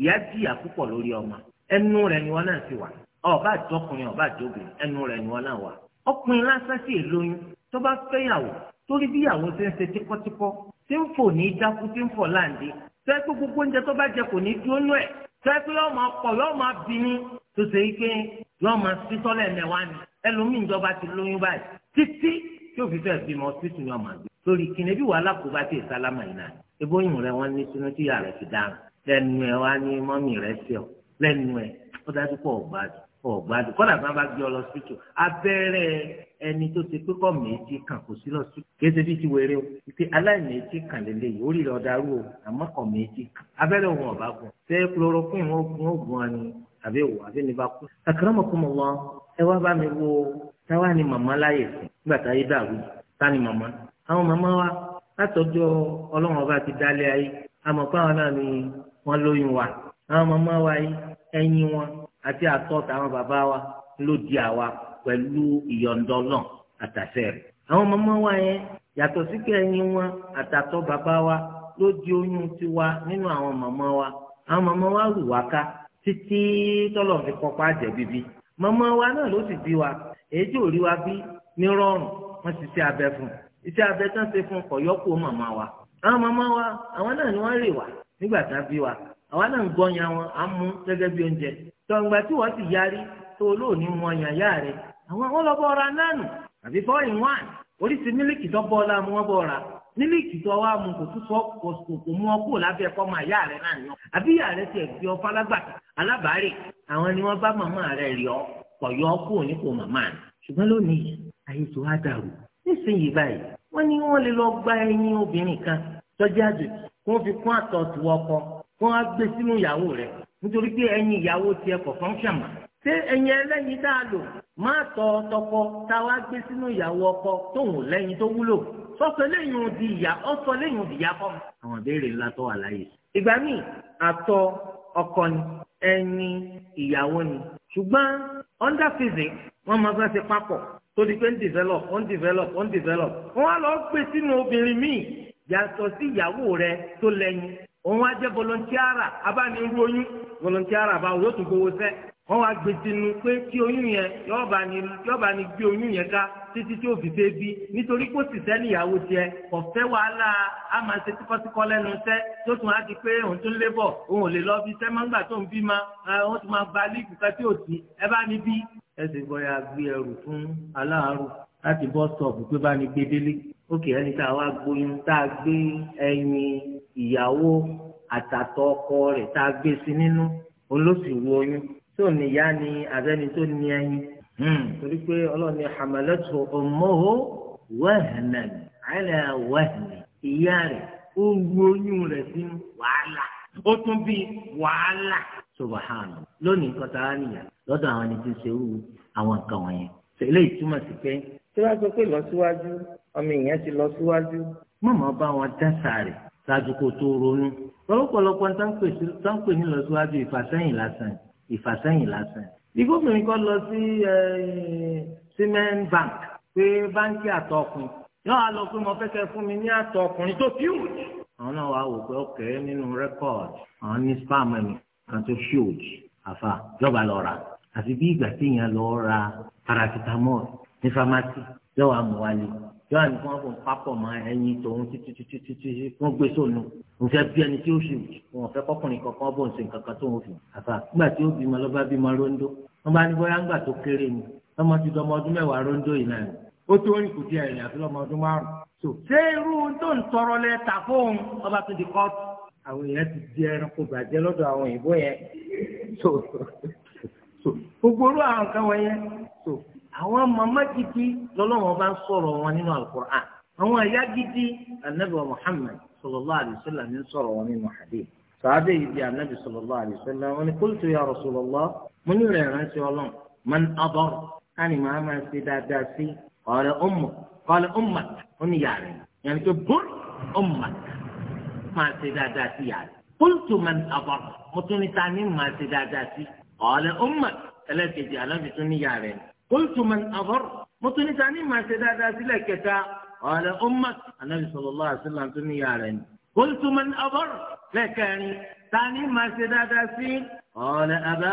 Speaker 1: ìyá jìyà púpọ̀ lórí ọmọ ẹnu rẹ̀ ni wọ́n náà ti wà ọba àjọkùnrin ọba àjọbìnrin ẹnu rẹ̀ ni wọ́n náà wà ọkùnrin lásán sì lóyún tó bá fẹ́yàwó torí bí ìyàwó ṣe ń ṣe tíkọ́tíkọ́ tí ń fò ní dákú tí ń fò láǹdí tó ẹ pé gbogbo oúnjẹ tó bá jẹ kò ní dúró nú ẹ̀ tó ẹ pé yóò máa pọ̀ yóò máa bí ní tó ṣe yí pé yóò máa sí sọ́lẹ̀ mẹ́wàá ni ẹlòmíín ìjọba ti lóyún báyìí títí tí ó fi fẹ́ bímọ títún yóò máa gbé lórí kìnìún bí wàhálà kò bá ti sálámà yìí náà ebóyìn rẹ wọn ní sínú tíyà rẹ ti dáhùn lẹ́nu ẹ wá ní mọ́mì rẹ sí ọ lẹ́nu ẹ ó dájú pọ̀ ọ̀gbádùn ọ̀gbádùn kọ́dà kan bá gbé ọ lọ sípítù abẹ́rẹ́ ẹni tó ti pé kọ́ méjì kan kò sí lọ sípítù kéde o ìpè aláìméjì kan lè léyìí orí rẹ̀ ọ̀darú o àmọ́ kọ́ méjì kan abẹ́rẹ́ òun ọ̀bá gùn ṣé chloroquine ó gun ó gun àbí mi wo táwa ni màmá láyè fún nígbà tá dàrú ni màmá àwọn màmá wa ọlọ́run ọba àti àtọ̀ táwọn bàbá wa ló di àwa pẹ̀lú ìyọ̀ǹda Ọlọ́run àtàṣẹ rẹ̀. àwọn màmá wa yẹn yàtọ̀ sí kẹ́yìn wọn àtàtọ̀ bàbá wa ló di oyún tiwa nínú àwọn màmá wa àwọn màmá wa rù wá ká títí tọ́lọ̀ fi kọ́pá jẹ̀ bíbí wa náà ló wa èyí tí wa bí ní rọrùn ṣe abẹ fún iṣẹ́ abẹ tán ṣe wa àwọn wa àwọn náà ni wọ́n rè wá nígbà bí wa àwa náà ń gbọ́nyà wọn á mú gẹ́gẹ́ oúnjẹ tọ̀ǹgbà tí wọ́n ti yarí tó olóòní mu ọ̀yàn yá rẹ̀ àwọn wọn lọ bọ́ àbí four in one oríṣi mílíkì tó bọ́ ọ̀la mu wọ́n bọ́ ọ̀ra mílíkì tó wá mu kò tún sọ kò kò mú ọ kó lábẹ́ kọ́ máa yá rẹ̀ náà yàn àbí yá rẹ̀ tiẹ̀ fi ọ falágbàtà alábàárẹ̀ àwọn ni wọ́n bá màmá rẹ̀ rí ọ kọ̀ yọ ọ kó ní kò màmá rẹ̀ ṣùgbọ́n lónìí ayé tó wá dàrú nísìnyí báyìí wọ́n ní wọ́n lè lọ gba ẹyin obìnrin kan tọ́jú àjòjì kó fi kún àtọ̀ tiwọ́kọ kó wá gbé sínú ìyàwó rẹ̀ nítorí pé ẹyin ìyàwó tiẹ̀ kọ̀ fọ́nṣàn mà ṣé ẹyin ẹlẹ́yin tá a lò má tọ tọkọ tá a wá gbé sínú ìyàwó ọkọ tóun lẹ́yìn tó wúlò sọ́sọ lẹ́yìn di ìyá ọ̀sọ lẹ́yìn di ìyá fọ́ọ̀mù. àwọn ìbéèrè ńlá tó wà láyé. ìgbà míì àtọ ọkọ ni ẹni ìyàwó ni ṣùgbọ́n under physics wọ́n máa fẹ́ ṣe papọ̀ tó di pé ń develop ń develop ń develop wọ́n á lọ gbé sínú obìnrin míì yàtọ̀ sí ìyàwó rẹ tó lẹ́yìn òun á jẹ́ volontiara abániru oyún volontiara àbáwọn yóò tún gbowó sẹ́ wọ́n wá gbé sínú pé tí oyún yẹn yọ́ọ̀bà ni gbé oyún yẹn ká títí tí ó fi fẹ́ bí nítorí kó sì sẹ́ níyàwó tiẹ̀ ọ̀fẹ́ wàhálà á máa ṣe tíkọ́tíkọ́ lẹ́nu iṣẹ́ tó tún á di pé òun tún lébọ̀ òun ò lè lọ bí iṣẹ́ máa ń gbà tó ń bí ma wọ́n tún máa ba líìkù ká tí ò sí ẹ bá ní bí. ẹ sì gbọ́dọ̀ gbé ẹrù fún aláàárù láti bọ́ sọ̀bù pé bá ní gbé délé ókè ẹni tá a wá gbóyún tá a gbé ẹyin ìyàwó àtàtọ̀ ọkọ rẹ̀ tá a gbé sí nínú òun ló sì wo oyún tó níyá ni abẹ́ni tó ní ẹyin hmm. torí pé ọlọ́run ní hamalatu ummuhu wahnan ala wahni ìyá rẹ̀ ó wo oyún rẹ̀ sínú wàhálà ó tún bí wàhálà subahana lónìí nǹkan tá a nìyà lọ́dọ̀ àwọn ẹni tí ń ṣerú àwọn nǹkan wọ̀nyẹn tẹ́lẹ̀ ìtumọ̀ sí pé tí wọ́n sọ pé lọ síwájú ọmọ ìyẹn ti lọ síwájú mọ̀mọ́ bá wọn dá sáré ṣáájú kó tó ronú lọ́pọ̀lọpọ̀ táǹpẹ̀ ní lọ́síwájú ìfàsẹ́yìn lásán ìfàsẹ́yìn lásán bí gómìnà kan lọ sí cement bank pé báńkì àtọkùn yóò wá lọ pé mo fẹ́ kẹ́ fún mi ní àtọkùnrin tó huge àwọn náà wàá wò pé ọkẹ́ nínú rẹ́kọ̀d àwọn ní spam ẹ̀mí kan tó huge àfa jọba lọ rà àfi bí ìgbà téèyàn lọ ra paracetamol ní pharmacy yóò wá mú wálé yóò àní kí wọ́n fún pápọ̀ mọ́ ẹyin tòun títí títí títí wọ́n gbé sóònù nfẹ́ bí ẹni tí ó fi wọ́n fẹ́ kọkùnrin kankan bọ̀ nsé nǹkan kan tó ń fi àfà nígbà tí ó bímọ lọ́ba bímọ róńdó wọ́n bá ní bóyá ńgbà tó kéré ni ọmọ ti dọmọ ọdún mẹ́wàá róńdó yìí náà ó tó rìn kùtì ẹ̀rìn àfi lọ́mọ ọdún márùn. so ṣé irú tó ń tọrọ lẹ ta fóun ọba tó di kọ́ọ̀tù. àwọn èèyàn ti di ẹranko bàjẹ́ lọ́dọ̀ àwọn òyìnbó yẹn so gbogbo orú àwọn kan wọ̀nyẹn so àwọn màmá gidi lọ́lọ́wọ́n bá ń sọ̀rọ̀ wọn nínú alukur'an àwọn àyà gidi anabi wa muhammad sallallahu alayhi wa sallam ní sọ̀rọ̀ wọn nínú hadith sàádé yìí di anabi sallallahu alayhi wa sallam wọn ni qultu ya rasulallah mo ní rẹ̀ ránṣẹ́ ọlọ́run man adar ani màá máa ṣe dáadáa sí qala ummu qala ummak ó ní yàrá yẹn ni pé bọ́n ummak ṣe dáadáa sí yàrá qultu man adar mo tún ní ta ni ṣe dáadáa sí qala ummak ẹlẹ́kejì qultu man adhar mo tún ní sani máa ṣe dáadáa sílẹ̀ kẹta ọ̀rẹ́ ummat anabi sallallahu alaihi wasallam tún ní yàrá ni qultu man adhar lẹ́kẹrin sani máa ṣe dáadáa sí ọ̀rẹ́ abá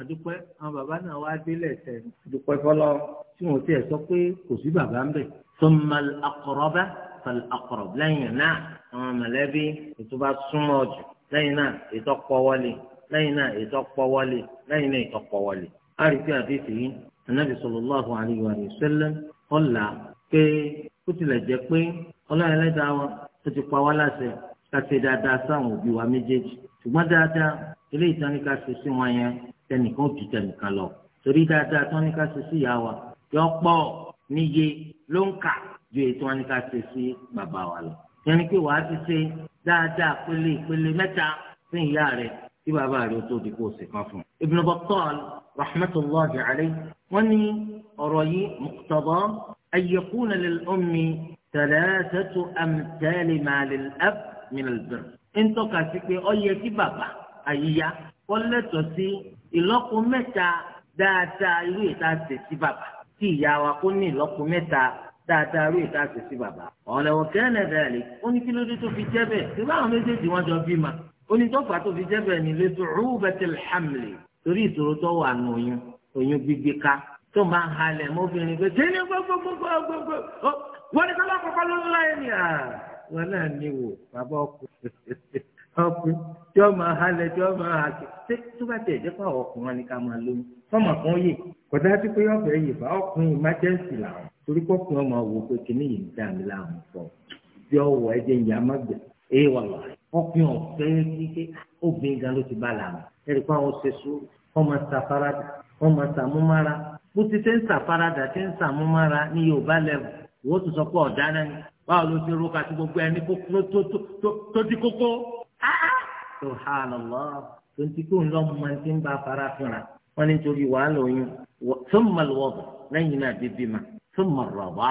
Speaker 1: àdúpẹ́ àwọn bàbá náà wá délẹ̀ tẹ̀ àdúpẹ́ fọlọ́ tí wọn ti ẹ̀ sọ pé kò sí bàbá ń bẹ̀ thumma al-aqraba fal-aqrab lẹ́yìn náà àwọn mọ̀lẹ́bí ètò bá súnmọ́ jù lẹ́yìn náà ètò pọ̀ wọlé lẹ́yìn náà ètò pọ̀ wọlé lẹ́yìn náà ètò pọ̀ wọlé. a rí pé àdéhùn yìí anabi sallallahu alayhi wa sallam ọ̀là pé ó tilẹ̀ jẹ́ pé ọlọ́run ẹlẹ́dàá wa ó ti pa wá láṣẹ ká ṣe dáadáa sáwọn òbí wa méjèèjì ṣùgbọ́n dáadáa eléyìí tán ní ká ṣe sí wọn yẹn tẹnìkan ju tẹnìkan lọ torí dáadáa tán ní ká ṣe sí ìyá wa yọ pọ̀ níye ló ń kà ju èyí tí wọ́n ní ká ṣe sí bàbá wa lọ. yẹnni pé wàá ti ṣe dáadáa pélé ìpele mẹ́ta fún ìyá rẹ̀ kí bàbá rẹ̀ ó tó di kó o sì kan fún un. Ibn Battal rahmatullahi alayhi wọ́n ní ọ̀rọ̀ yìí muqtada an yakuna lil ummi thalathatu amthali ma lil ab min al birr. ń tọ́ka sí pé ó yẹ kí bàbá àyíyá wọ́n lẹ́tọ̀ọ́ sí ìlọ́po mẹ́ta dáadáa irú ìta ṣe sí bàbá tí ìyá wa kó ní ìlọ́po mẹ́ta dáadáa irú ìta ṣe sí bàbá. ọ̀lẹ́wọ̀ kẹ́lẹ́ dàlẹ́ ó ní kí ló dé tó fi jẹ́ bẹ́ẹ̀ tí báwọn méjèèjì wọn jọ bí ma onítọ́fà tó fi jẹ́ bẹ́ẹ̀ ni lẹ́tọ̀ọ́ torí ìṣòro tó wà nù oyún oyún gbígbé ká tó máa ń halẹ̀ mọ́bìnrin pé kí ni gbogbogbogbogbò wọ́n ní kọ́lá kọ́kọ́ ló ń láyé ni à wọn náà ní wò bàbá ọkùnrin ọkùnrin tí wọ́n máa halẹ̀ tí wọ́n máa hàkì ṣé tó bá tẹ̀ jẹ́ pàwọ́ ọkùnrin ni ká máa lóyún fọ́ọ̀mù kan yè kò dájú pé ọ̀fẹ́ yè bá ọkùnrin emergency làwọn torí pọ́kùnrin ọmọ wò pé kíní yìí ń dá mi láàmú fọ́ bí ọwọ́ ẹ̀jẹ̀ ìyá má gbẹ̀ ẹ̀ wà lọ́wọ́ ọkùnrin ọ̀fẹ́ kíkẹ́ obìnrin gan ló ti bá làmú ẹ̀rí pé àwọn ṣèṣù wọ́n máa ṣàfaradà wọ́n máa ṣàmúmára bó ti ṣe ń ṣàfaradà ṣe ń ṣàmúmára ní Yorùbá lẹ́wọ̀ ìwọ tó sọ pé ọ̀dá náà ni báwo ló ti roka sí gbogbo ẹni tó di kókó. subhanallah tó ń ti kó ńlọ mọ ẹni tí ń bá fara fúnra wọn ni torí wàhálà oyún sọmọ lọwọ lẹ́yìn náà bíbí ma sọmọ rọwà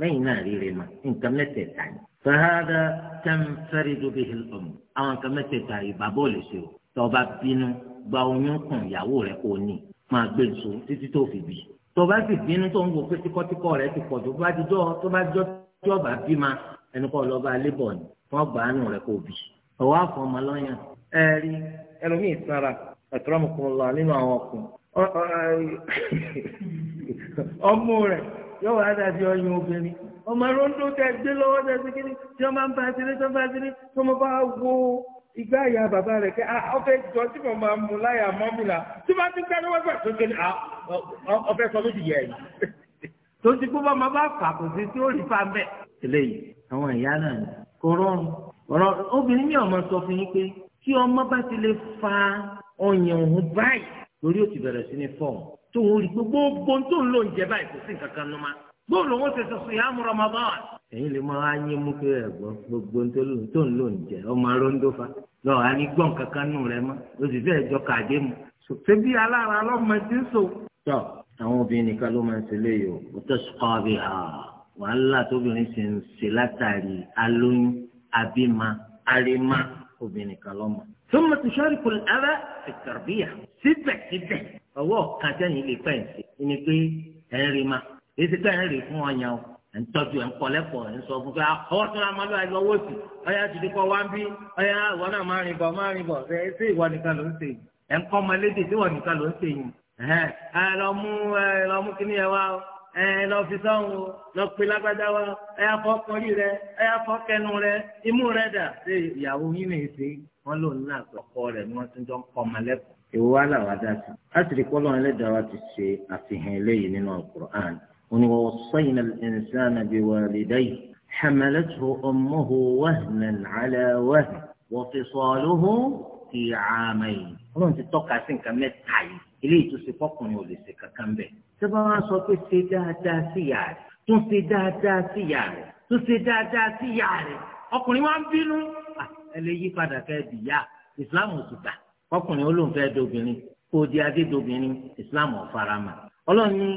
Speaker 1: lẹ́yìn náà rírì ma nǹkan mẹ́tẹ̀ẹ̀ta ni. fahada tanfaridu bihi al-um àwọn nǹkan mẹ́tẹ̀ẹ̀ta yìí bàbá ò lè ṣe o tọba bínú gba oyún kùn ìyàwó rẹ kò ní máa gbé nso títí tó fi bì tọba sì bínú tó ń wo pé tíkọ́tíkọ́ rẹ ti pọ̀ tó bá jọ tó bá jọ tí ọba bí ma ẹnu kọ́ lọ́ba lébọ̀ ni wọ́n gbà ánù rẹ kò bì ọwọ́ àfọmọ lọ́yàn ẹ rí ẹlòmíì sára ẹ̀tọ́rọ̀mùkúnlá nínú àwọn ọkùnrin ọmọ rẹ yóò wá dàbí ọyún obìnrin ọmọ rondo tẹ gbé lọ́wọ́ tẹ sí kíní tí wọ́n máa ń bá a sílé tí wọ́n bá a sílé tí ìgbà ya bàbá rẹ̀ kẹ́ ọ̀fẹ́ ah, jọ tí mo máa mú láyà mọ́mìlà tí máa ti ń kárí wọ́pẹ́ tó kéde ọ̀fẹ́ ah, sọ méjì yẹ ẹ̀yìn. tó ti kú bá máa bá fà kò sí tí ó rí fa bẹ́ẹ̀. eléyìí àwọn ìyá náà ni kò rọrùn ọ̀rọ̀ obìnrin ní ọmọ sọ fún yín pé tí ọmọ bá ti lè fa ọyàn òun báyìí lórí òtì bẹ̀rẹ̀ sí ní fọ́ọ̀mù tó ń rí gbogbo ohun tó ń lò ń jẹ báyìí kò sí nǹkan kan èyí lè máa yín mú pé ẹ̀gbọ́n gbogbo tó ń lò ń jẹ ọmọ aróńdó fa lọ à ní gbọ̀n kankan nù rẹ mọ́ o sì fẹ́ jọ kàdé mu ṣe bí alára ọlọ́mọ ti ń so. tọ àwọn obìnrin nìkan ló máa ń ṣe léyìí ó tẹ sùkọ́ bí ha wàhálà tóbìnrin ṣe ń ṣe látàrí alóyún abímá arímá obìnrin kan lọ́mọ. ثم تشارك الأب في التربية síbẹ̀ síbẹ̀ ọwọ́ kan tẹ́yìn lè pẹ́ ń ṣe ni pé ntọ́jú ẹ̀ ń kọ́ lẹ́kọ̀ọ́ ẹ̀ ń sọ fún pé ah, ọwọ́ tó máa lọ àìlọ́ owó sí ọyá ti di kọ́ wá ń bí ọyá ìwọ náà máa rìn bọ̀ máa rìn bọ̀ ṣe ṣé ìwọ nìkan ló ń ṣe yìí ẹ̀ ń kọ́ ọmọ lédè tí ìwọ nìkan ló ń ṣe yìí ẹ lọ mú ẹ lọ mú kíní ẹ wá ẹ lọ fi sọ́hùn lọ pe lágbádá wa ẹ yà fọ́ kọrí rẹ ẹ yà fọ́ kẹnu rẹ imú rẹ dà ṣe ìyàwó yín nìyí ṣe wọn lòun náà quran وني ووصينا الإنسان بوالديه حملته أمه وهنا على وهن وفصاله في عامين Ọlọ́run ti tọ́ka sí nǹkan mẹ́ta yìí eléyìí tó ṣe fọkùnrin ò lè ṣe kankan bẹ́ẹ̀. tó bá wá sọ pé ṣe dáadáa sí ìyá rẹ̀ tún ṣe dáadáa sí ìyá rẹ̀ tún ṣe dáadáa sí ìyá rẹ̀ ọkùnrin máa ń bínú. ẹ lè yí padà kẹ́ ẹ dìyà ìsìláàmù ò sì gbà ọkùnrin ó lóun fẹ́ dobìnrin kó o di adé dobìnrin ìsìláàmù ò fara mọ́. Ọlọ́run ní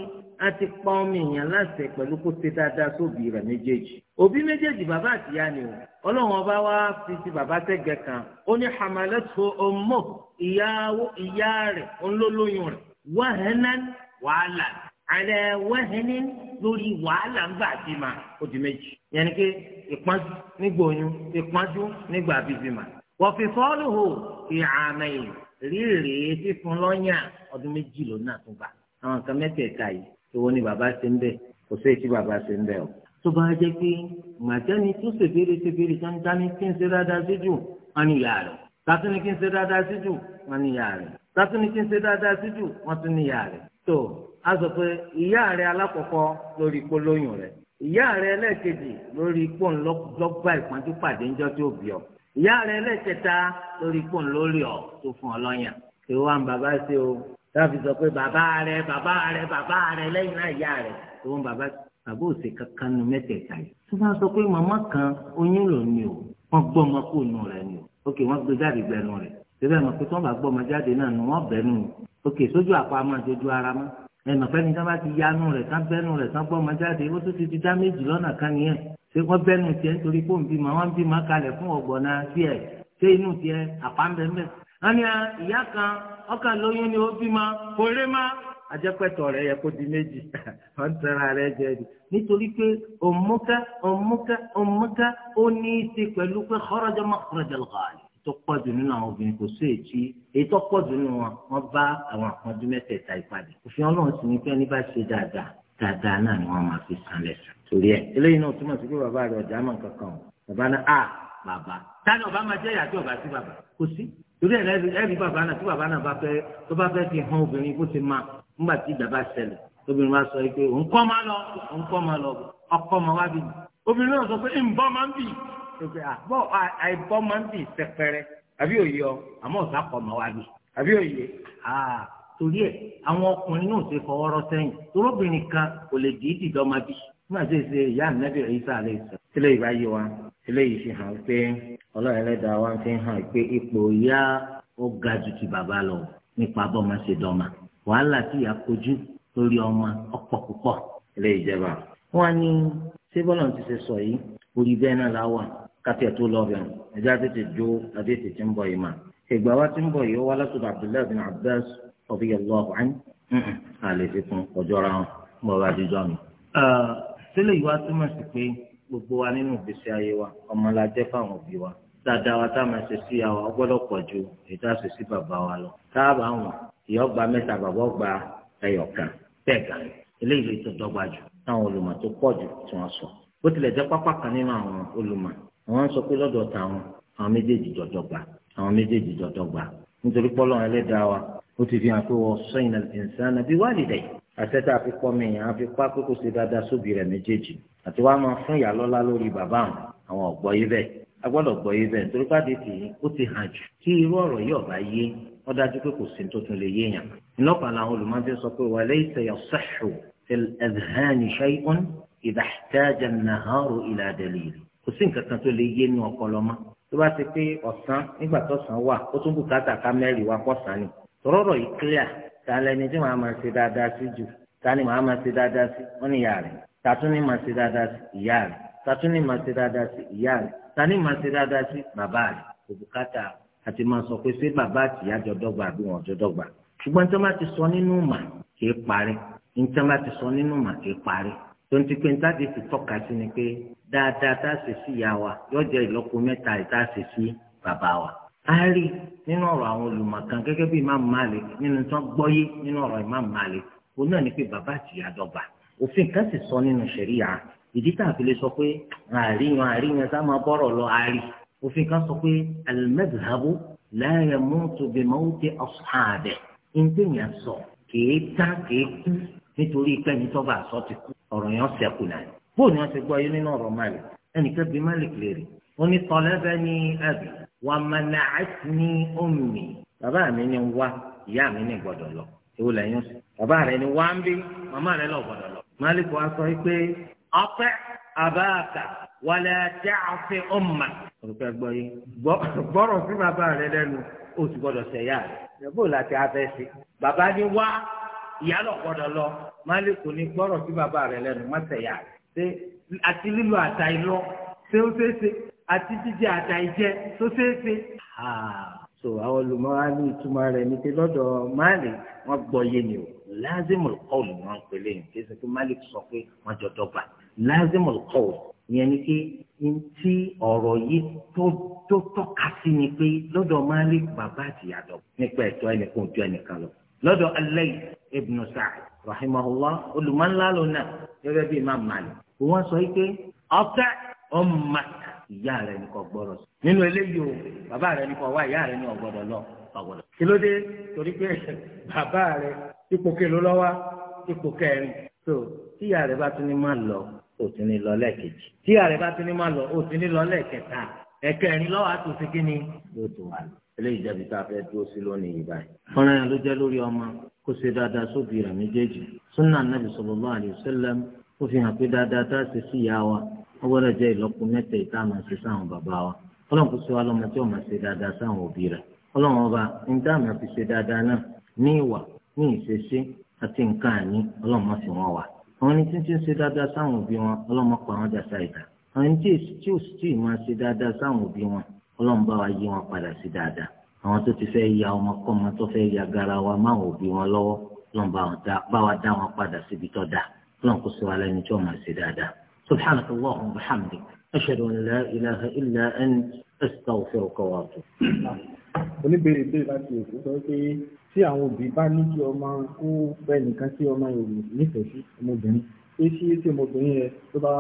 Speaker 1: a ti pa ọmọ èèyàn láṣẹ pẹ̀lú kó ṣe dáadáa sóbì rẹ̀ méjèèjì. òbí méjèèjì bàbá àtìyá ni o ọlọ́run ọba wa fi ti bàbá sẹ́gbẹ̀ kan ó ní hamalatu ọmọ ìyá rẹ̀ ńlọ́lóyún rẹ̀ wahanan wàhálà alẹ́ wahani lórí wàhálà ń bà bí ma ó di méjì. yẹn ni pé ìpọ́njú nígbà oyún ìpọ́njú nígbà bíbí ma. wọ́n fi fọ́ọ̀lù hù ìhàmẹ́yìn rírèé fífun lọ́yàn ọdún méjì lónà tó bá àwọn kan mẹ́tẹ̀ẹ̀ta yìí èwo ni bàbá ṣe ń bẹ̀ kò sí èyí tí bàbá ṣe ń bẹ̀ o. tó bá jẹ́ pé màjẹ́ni tó ṣèbéèrè ṣèbéèrè tó ń dání kí n ṣe dáadáa sí jù wọ́n ní ìyá rẹ̀ tàtún ni kí n ṣe dáadáa sí jù wọ́n ní ìyá rẹ̀ tàtún ni kí n ṣe dáadáa sí jù wọ́n tún ní ìyá rẹ̀. tó a sọ pé ìyá rẹ̀ alákọ̀ọ́kọ́ lórí polóyún rẹ̀ ìyá rẹ̀ ẹlẹ́ẹ̀kejì lórí pọ́ùn lọ́gbà ìpọ́njú pàdé ńjọ́ tí ó bí ọ ìyá rẹ̀ ẹlẹ́ẹ̀kẹta lórí pọ́ùn lórí ọ̀ tó fún ọ lọ́yàn. èwo àwọn bàbá ṣe o láàfin sọ pé bàbá rẹ bàbá rẹ bàbá rẹ lẹ́yìn náà ìyá rẹ tòun bàbá bàbá òsè kankan nu mẹ́tẹ̀ẹ̀ta yìí tó bá sọ pé màmá kan oyún lò ní o wọ́n gbọ́ ọmọ kó nu rẹ ni o ok wọ́n gbé jáde gbẹnu rẹ síbẹ̀ mọ̀ pé tí wọ́n bá gbọ́ ọmọ jáde náà nu wọ́n bẹ́nu ni ok sójú àpá máa dojú ara mọ́ ẹnà fẹ́ni tí wọ́n bá ti yanu rẹ̀ tán bẹ́nu rẹ̀ tán gbọ́ ọmọ jáde ó tún ti di dáméjì lọ́nà kan nìyẹn ṣé wọ́n bẹ́nu tiẹ̀ nítorí pé òun bímọ wọ́n bímọ kalẹ̀ fún ọ̀gbọ̀n náà tiẹ̀ ṣé inú tiẹ̀ àpá ń bẹ́ẹ̀ wọn ni ìyá kan ọkàn lóyún ni ó bímọ kò rí má ajẹpẹtọ rẹ yẹ kó di méjì wọn tẹra rẹ jẹ di nítorí pé òmùkẹ òmùkẹ òmùkẹ ó ní í ṣe pẹ̀lú pé kharaja makhrajal ghali tó pọ̀jù nínú àwọn obìnrin kò sí èyí èyí tó pọ̀jù nínú wọn wọn bá àwọn àpọ́njú mẹ́tẹ̀ẹ̀ta ìpàdé òfin ọlọ́run sì ní pé ẹni bá ṣe dáadáa dáadáa náà ni wọ́n máa fi san lẹ́sàn torí ẹ̀ eléyìí náà túmọ̀ sí pé bàbá rẹ̀ ọ̀jà a bàbá ah, táni ọba máa jẹ́ ìyá tí ọba torí ẹ̀rí bàbá náà tí bàbá náà bá fẹ́ tó bá fẹ́ fi hàn obìnrin bó ti máa ńgbà tí ìjà bá ṣẹlẹ̀ obìnrin máa sọ pé òun kọ́ máa lọ òun kọ́ máa lọ ọkọ máa wá bí mi obìnrin náà sọ pé ǹbọ máa ń bì pé àbọ̀ àìbọ̀ máa ń bì sẹpẹrẹ àbí òye ọ àmọ́ ọ̀sà kọ̀ máa wá bí àbí òye torí ẹ̀ àwọn ọkùnrin náà ṣe fọwọ́rọ́ sẹ́yìn torobìnrin kan kò lè dìídì dọ́mọ bí nígbà tí èsì ìyá ànábì eléyìí fi hàn pé ọlọ́run ẹlẹ́dàá wa fi hàn pé ipò ìyá ó ga jù ti bàbá lọ nípa bọ́mọ ṣe dọ́mà wàhálà tí ìyá kojú lórí ọmọ ọ̀pọ̀ púpọ̀ eléyìí jẹba. wọ́n á ní ṣé bọ́lá ti ṣe sọ yìí orí bẹ́ẹ̀ náà láwà káfíà tó lọ bẹ̀rù ẹjẹ́ àtẹ̀tẹ̀ jó àtẹ̀tẹ̀ tí ń bọ̀ yìí mà. ìgbà wa ti ń bọ̀ yìí ó wá látọ̀dọ̀ Abdullahi bin Abbas radiyallahu anhu àlè fi kún ọjọ́ ra wọn bọ́ bá jíjọ́ gbogbo wa nínú ìgbésí ayé wa ọmọ la jẹ́ fáwọn òbí wa
Speaker 2: dáadáa wa tá a máa ṣe sí ìyá
Speaker 1: wa ó gbọ́dọ̀ pọ̀ ju èyí tá a ṣe sí bàbá wa lọ táàbà wọn ìyá ọgbà mẹ́ta bàbá ọgbà ẹyọkan bẹ́ẹ̀ gan eléyìí lè tó dọ́gba jù táwọn olùmọ̀ tó pọ̀ jù tí wọ́n sọ bó tilẹ̀ jẹ́ pápá kan nínú àwọn olùmọ̀ àwọn sọ pé lọ́dọ̀ táwọn àwọn méjèèjì jọ àwọn méjèèjì jọ nítorí pọ́lọ́ ẹlẹ́dàá wa ó àti wàá máa fún ìyá lọ́lá lórí bàbá àwọn àwọn ọ̀gbọ́ yìí bẹ́ẹ̀ a gbọ́dọ̀ gbọ́ yìí bẹ́ẹ̀ torí pàdé tì í ó ti hàn jù kí irú ọ̀rọ̀ yìí ọ̀bá yé wọ́n dájú pé kò sí tó tún lè yéèyàn ìlọ́pàá làwọn olùmọ́tí sọ pé wà lẹ́yìn tẹ̀yọ̀ sẹ́ṣù ẹ̀dhánì ṣẹ́yún ìdáhìtájà nàhárò ìlàdẹ̀lẹ̀rì kò sí nǹkan kan tó lè yé nu ọpọlọ mọ́ tó bá ti pé ọ̀sán nígbà tọ̀sán wà ó tún bùkátà ká mẹ́rin wá pọ̀sán ni tọ́rọ̀rọ̀ yìí clear ta tí màá máa ṣe dáadáa sí jù ta màá máa ṣe dáadáa sí wọ́n ní tàtúní máa ṣe si sí ìyá rẹ̀ tàtúní si ṣe Tani sí ìyá rẹ̀ tàní máa ṣe dáadáa sí bàbá rẹ̀ òbúkátà àti máa sọ pé ṣé bàbá àti ìyá jọ dọ́gba àbí wọn jọ dọ́gba ṣùgbọ́n tí wọ́n bá ti sọ nínú mà kì í parí ní tí wọ́n bá ti sọ nínú mà kì í parí tó ń ti pé níta ti fi tọ́ka sí ni pé dáadáa tá a ṣe sí ìyá wa yóò jẹ́ ìlọ́po mẹ́ta ìta ṣe sí bàbá wa a rí nínú ọ̀rọ̀ àwọn olùmọ̀kan gẹ́gẹ́ bí Imam Malik nínú tán gbọ́yé nínú ọ̀rọ̀ Imam Malik òun náà ni pé bàbá àti ìyá dọ́gba òfin kan sì sọ nínú ṣẹ̀ríà ìdí tá a fi lè sọ pé àríyàn àríyàn sá máa bọ́rọ̀ lọ àárí òfin kan sọ pé al-madhhabu la yamutu bi mawti ashabihi ìdíyàn sọ kìí tá kìí kú nítorí pẹ́ni tó bá sọ ti kú ọ̀rọ̀ yẹn ṣẹ́kù náà bóun ni wọ́n ti gbọ́ yín nínú ọ̀rọ̀ Malik ẹnìkan bí Malik lè rí wọn ní tọ́lẹ́fẹ́ ní àti ní omi bàbá mi ni wá ìyá mi ni gbọ́dọ̀ lọ ewu lẹ́yìn bàbá rẹ ni wá ń bí màmá rẹ lọ gbọ́dọ̀ lọ malik wa sọ pé ọpẹ àbáàkà wàlẹ̀ àti àfẹ ọmọ. olùkọ́ ẹgbọ́ yìí gbọ́rọ̀ sí bàbá rẹ lẹ́nu ó sì gbọ́dọ̀ sẹ̀yà rẹ̀ bó láti afẹ́ sí. bàbá ní wá ìyálọ̀ gbọ́dọ̀ lọ malik ní gbọ́rọ̀ sí bàbá rẹ lẹ́nu má sẹ̀yà rẹ̀ ṣe àti lílo àtà ìlọ ṣé ó ṣeé àti jíjẹ àtà ìjẹ tó ṣeé so àwọn olùmọ̀ á ní ìtumọ̀ rẹ̀ ní pé lọ́dọ̀ malik wọ́n gbọ́ yé ni o lazimul qawl ni wọ́n ń pè léyìn kí sèkú malik sọ pé wọ́n jọ dọ́gba lazimul qawl ìyẹn ni pé ntí ọ̀rọ̀ yìí tó tọ́ka sí ni pé lọ́dọ̀ malik bàbá àtìyàdọ̀ nípa ẹ̀tọ́ ẹnìkan ju ẹnìkan lọ lọ́dọ̀ alay ibn sa'd rahimahullah olùmọ̀nlá ló náà gẹ́gẹ́ bí imam malik wọ́n sọ pé ọ̀tẹ́ ọmọ ìyá rẹ̀ nìkan gbọ́dọ̀ sí nínú eléyìí o bàbá rẹ̀ nìkan wá ìyá rẹ̀ ní ọ̀gbọ́dọ̀ lọ ọ̀gbọ́dọ̀ kí ló dé torí pé bàbá rẹ ipò kelo lọ́wọ́ ipò kẹrin tó tíyà rẹ bá tún ní máa lọ ó tún ní lọ lẹ́ẹ̀kejì tíyà rẹ bá tún ní máa lọ ó tún ní lọ lẹ́ẹ̀kẹta ẹ̀kẹrin lọ́wọ́ àtúnṣe kínní yóò tún wà lọ eléyìí jẹbi tá a fẹ́ dúró sí lónìí yìí báyìí. fọ́nrán yẹn ló jẹ́ lórí ọmọ kó ṣe dáadáa sóbì rẹ̀ méjèèjì súnà nàbì sallallahu alaihi ó fi hàn pé dáadáa tá a ṣe sí ìyá wa ó ọlọ́run ọba ń dáàmú àti ṣe dáadáa náà ní ìwà ní ìṣesí àti nǹkan àní ọlọ́run má sì wọ́n wà àwọn ẹni tí ń ti ń ṣe dáadáa sáwọn òbí wọn ọlọ́run má pa wọn dàsa ìdá àwọn ẹni tí ò sì tí ì máa ṣe dáadáa sáwọn òbí wọn ọlọ́run bá wa yí wọn padà sí dáadáa àwọn tó ti fẹ́ ya ọmọ kọ́mọ tó fẹ́ ya garawa máwọn òbí wọn lọ́wọ́ ọlọ́run bá wa dá astaghfiruka wa atubu. oníbèrè ìbéèrè láti èkó sọ pé tí àwọn òbí bá ní kí ọmọ kó bẹ́ẹ̀ nìkan tí ọmọ yòówù nífẹ̀ẹ́ sí ọmọbìnrin pé sí tí ọmọbìnrin yẹn tó bá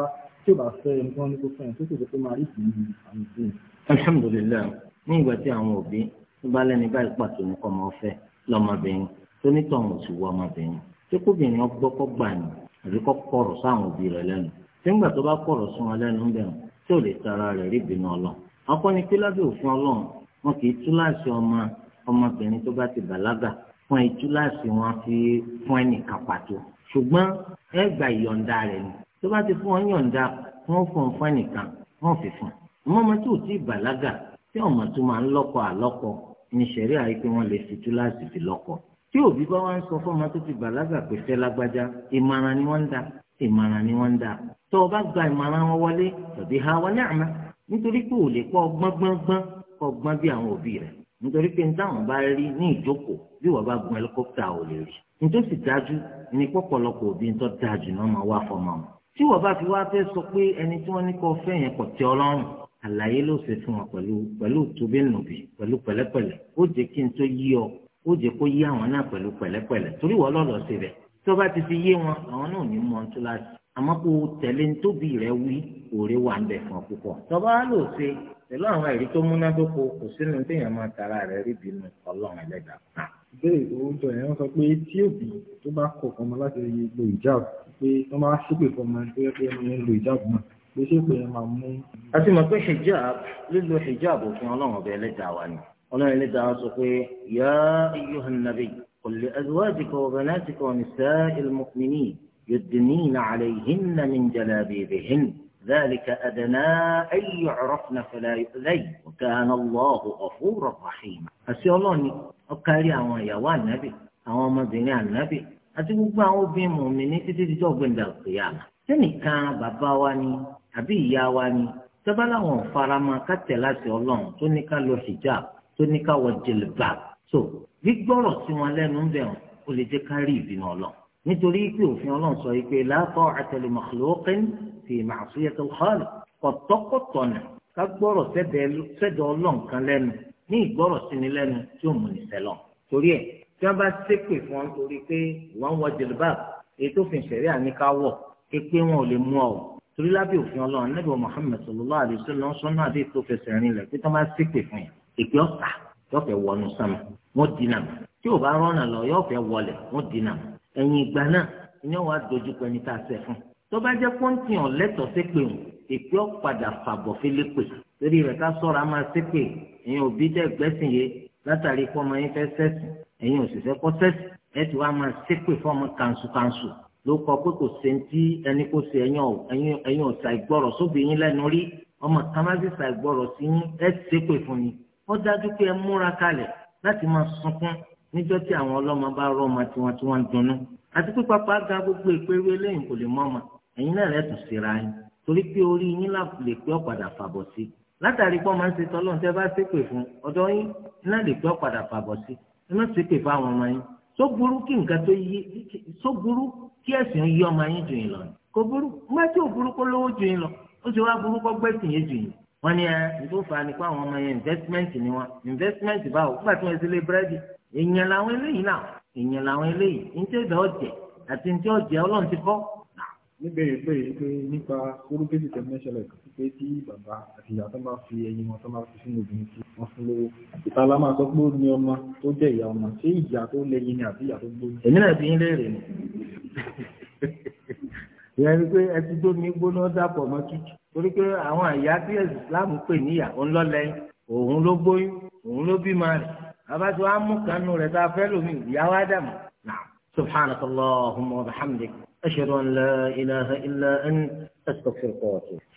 Speaker 1: tí ò bá fẹ́ ẹni tó ń ní kó fẹ́ tó sì tó máa rí ìdí àwọn ìdí yẹn. alhamdulilayi ní ìgbà tí àwọn òbí tó bá lẹ́ni báyìí pàtó ní kọ́ ọmọ ọ̀fẹ́ lọ́mọbìnrin tó ní tọ̀hún wọ ọmọbìnrin tí kóbìnrin ọgbọ́kọ́ gbà ní àbí kọ́ kọ̀rọ̀ sáwọn òbí rẹ̀ lẹ́nu tí ńgbà tó bá kọ̀rọ̀ sún wọn lẹ́nu ń bẹ̀rù tí ò lè tara rẹ̀ rí ìbínú ọlọ́run akọni pé lábẹ́ òfin Ọlọ́run wọn kì í túláàsì ọmọ ọmọbìnrin tó bá ti bàlágà fún ẹ túláàsì wọn fi fún ẹnìkan pàtó ṣùgbọ́n ẹ gba ìyọ̀ǹda rẹ̀ ni tó bá ti fún ọ yọ̀ǹda wọn fún ọ fún ẹnìkan wọn fi fún ọmọ ọmọ tó ti bàlágà tí ọmọ tó máa ń lọ́kọ àlọ́kọ ní sẹ̀rí àyè pé wọ́n lè fi túláàsì fi lọ́kọ tí òbí bá wá ń sọ fún ọmọ tó ti bàlágà pé fẹ́ lágbájá ìmọ̀ràn ni wọ́n ń dá ìmọ̀ràn ni wọ́n ń dá tó o bá gba ìmọ̀ràn wọn wọlé tàbí ha wọlé àmọ́ nítorí pé ò lè pọ̀ gbọ́ngbọ́ngbọ́n kọ́ gbọ́n bí àwọn òbí rẹ̀ nítorí pé táwọn bá rí ní ìjókòó bí wọ́n bá gun ẹlikọ́pítà ò lè rí nítòsí dájú ní pọ̀pọ̀lọpọ̀ òbí tó dájú náà máa wá fọmọ wọn tí wọ́n bá fi wá fẹ́ sọ pé ẹni tí wọ́n ní kọ́ fẹ́ yẹn kọ̀ tẹ́ ọlọ́run àlàyé ló ṣe fún wọn pẹ̀lú pẹ̀lú tóbi nùbí pẹ̀lú pẹ̀lẹ́pẹ̀lẹ́ ó jẹ́ kí n tó yí ọ ó jẹ́ kó yí àwọn náà pẹ̀lú pẹ̀lẹ́pẹ̀lẹ́ torí wọ́n lọ́dọ̀ ṣe bẹ̀ tó bá ti fi yé wọn àwọn náà àmọ́ kó o tẹ̀lé nítòbí rẹ wí òré wà ń bẹ̀ fún ọ púpọ̀. tọ́ba lò ṣe pẹ̀lú àwọn ẹ̀rí tó múnádóko kò sínú téèyàn máa tara rẹ̀ rí bínú ọlọ́run ẹlẹ́dàá. ìbéèrè òótọ́ yẹn wọ́n sọ pé tí òbí tó bá kọ̀ fọmọ láti lo ìjáàbù pé wọ́n máa ṣépè fọmọ tó yẹ pé wọ́n ń lo ìjáàbù náà pé ṣépè yẹn máa mú. a ti mọ̀ pé hijab lílo hijab òfin ọlọ́run ọbẹ̀ ẹlẹ́dàá wa ni ọlọ́run ẹlẹ́dàá wa sọ pé yá iyúhan nàbí kò lè azwájìkọ̀ ọ̀bẹ̀ náà ti kọ̀ nìṣẹ́ ìlmọ̀kùnrin يدنين عليهن من جلابيبهن ذلك أدنى أن يعرفن فلا يؤذين وكان الله غفورا رحيما àṣẹ Ọlọ́run ni ó kárí àwọn ìyàwó Ànábì àwọn ọmọbìnrin Ànábì àti gbogbo àwọn obìnrin mùmínì títí dídọ́ gbẹ̀ndà òkèèyàmà sẹ́nìkan bàbá wa ni àbí ìyá wa ni tọ́ba láwọn farama kátẹ̀ láti ọlọ́run tó ní ká lọ hijab tó ní ká wọ jilbab so gbígbọ́rọ̀ sí wọn lẹ́nu ń bẹ̀rù ó lè jẹ́ ká rí ìbínú ọlọ́run nítorí pé òfin ọlọ́run sọ pé la ta'ata li makhluqin fi ma'siyati al-khaliq kọ̀tọ́kọ̀tọ̀nà ká gbọ́rọ̀ sẹ́dọ̀ ọlọ́run kan lẹ́nu ní ìgbọ́rọ̀ síni lẹ́nu tí ó mú ní sẹ́lọ̀ torí ẹ̀ tí wọ́n bá ṣépè fún ọ torí pé wọ́n ń wọ jilbab ètò òfin ṣẹ̀rí àníkáwọ̀ pé pé wọn ò lè mú ọ torí lábẹ́ òfin ọlọ́run Ànábì Muhammad sallallahu alaihi wasallam sọ́nà àdé ẹ̀yìn ìgbà náà ìyẹn wàá dojú pé ẹni tá a ṣẹ̀ fún tó bá jẹ́ pọ́ńtìyàn lẹ́tọ̀ọ́ sí pé òun èpè ọ̀padà fàbọ̀ fẹ́lẹ́ pè torí rẹ̀ ká sọ́ra máa ṣe pé ẹ̀yin òbí dẹ́ gbẹ́sìn yé látàrí pé ọmọ yín fẹ́ sẹ́sìn ẹ̀yin òṣìṣẹ́ kọ́ sẹ́sìn ẹ ti wá máa ṣe pé fọ́ọ̀mù kanṣu kanṣu ló kọ pé kò ṣe ń ẹni kò ṣe ẹ̀yin ọ̀sà ìgbọ́rọ̀ sóbì yín lẹ́nu rí ọmọ kan ìgbọ́rọ̀ sí yín ẹ ṣe fún ni ó dájú pé ẹ múra kalẹ̀ láti máa sunkún níjọ́ tí àwọn ọlọ́mọ bá rọ́ ọmọ tiwọn tí wọ́n ń dunnú àti pípa pàgà gbogbo ìpérú eléyìí kò lè mọ́ ọmọ ẹ̀yin náà rẹ̀ tún síra yín torí pé orí yín lè pé ọ̀padà fàbọ̀ sí látàrí pé ọmọ ń ṣe tọ́lọ́run tẹ́ bá ṣépè fún ọ̀dọ́ yín náà lè pé ọ̀padà fàbọ̀ sí ẹ má ṣépè fún àwọn ọmọ yín tó burú kí nǹkan tó yí tó burú kí ẹ̀sìn yí ọmọ yín jù yín lọ kò burú má tí ò burú kó investment ni investment báwo nígbà tí wọ́n èèyàn làwọn eléyìí náà èèyàn làwọn eléyìí ntí ẹ̀dá ọ̀jẹ̀ àti ntí ọ̀jẹ̀ ọlọ́run ti kọ́. níbẹ̀ yìí pé pé nípa kúrúkẹ́sì tẹ̀mẹ́sẹ̀lẹ̀ pé tí bàbá àti ìyá tó máa fi ẹyin wọn tó máa fi sínú obìnrin tí wọ́n fún lówó ìtàlá máa sọ pé ó ní ọmọ tó jẹ́ ìyá ọmọ ṣé ìyá tó lẹ́yìn ni àbí ìyá tó gbóyún. èmi náà ti ń léèrè ni ìyá ni pé ẹ ti gbómi gbóná dàpọ̀ mọ́ tútù torí pé àwọn àyà tí Islam pè níyà òun lọ́lẹ́yìn òun ló gbóyún òun ló bímọ rẹ̀ abájọ amúkanú rẹ̀ tá fẹ́ lómi ìyàwó سبحانك اللهم وبحمدك أشهد أن لا إله إلا أنت أستغفرك وأتوب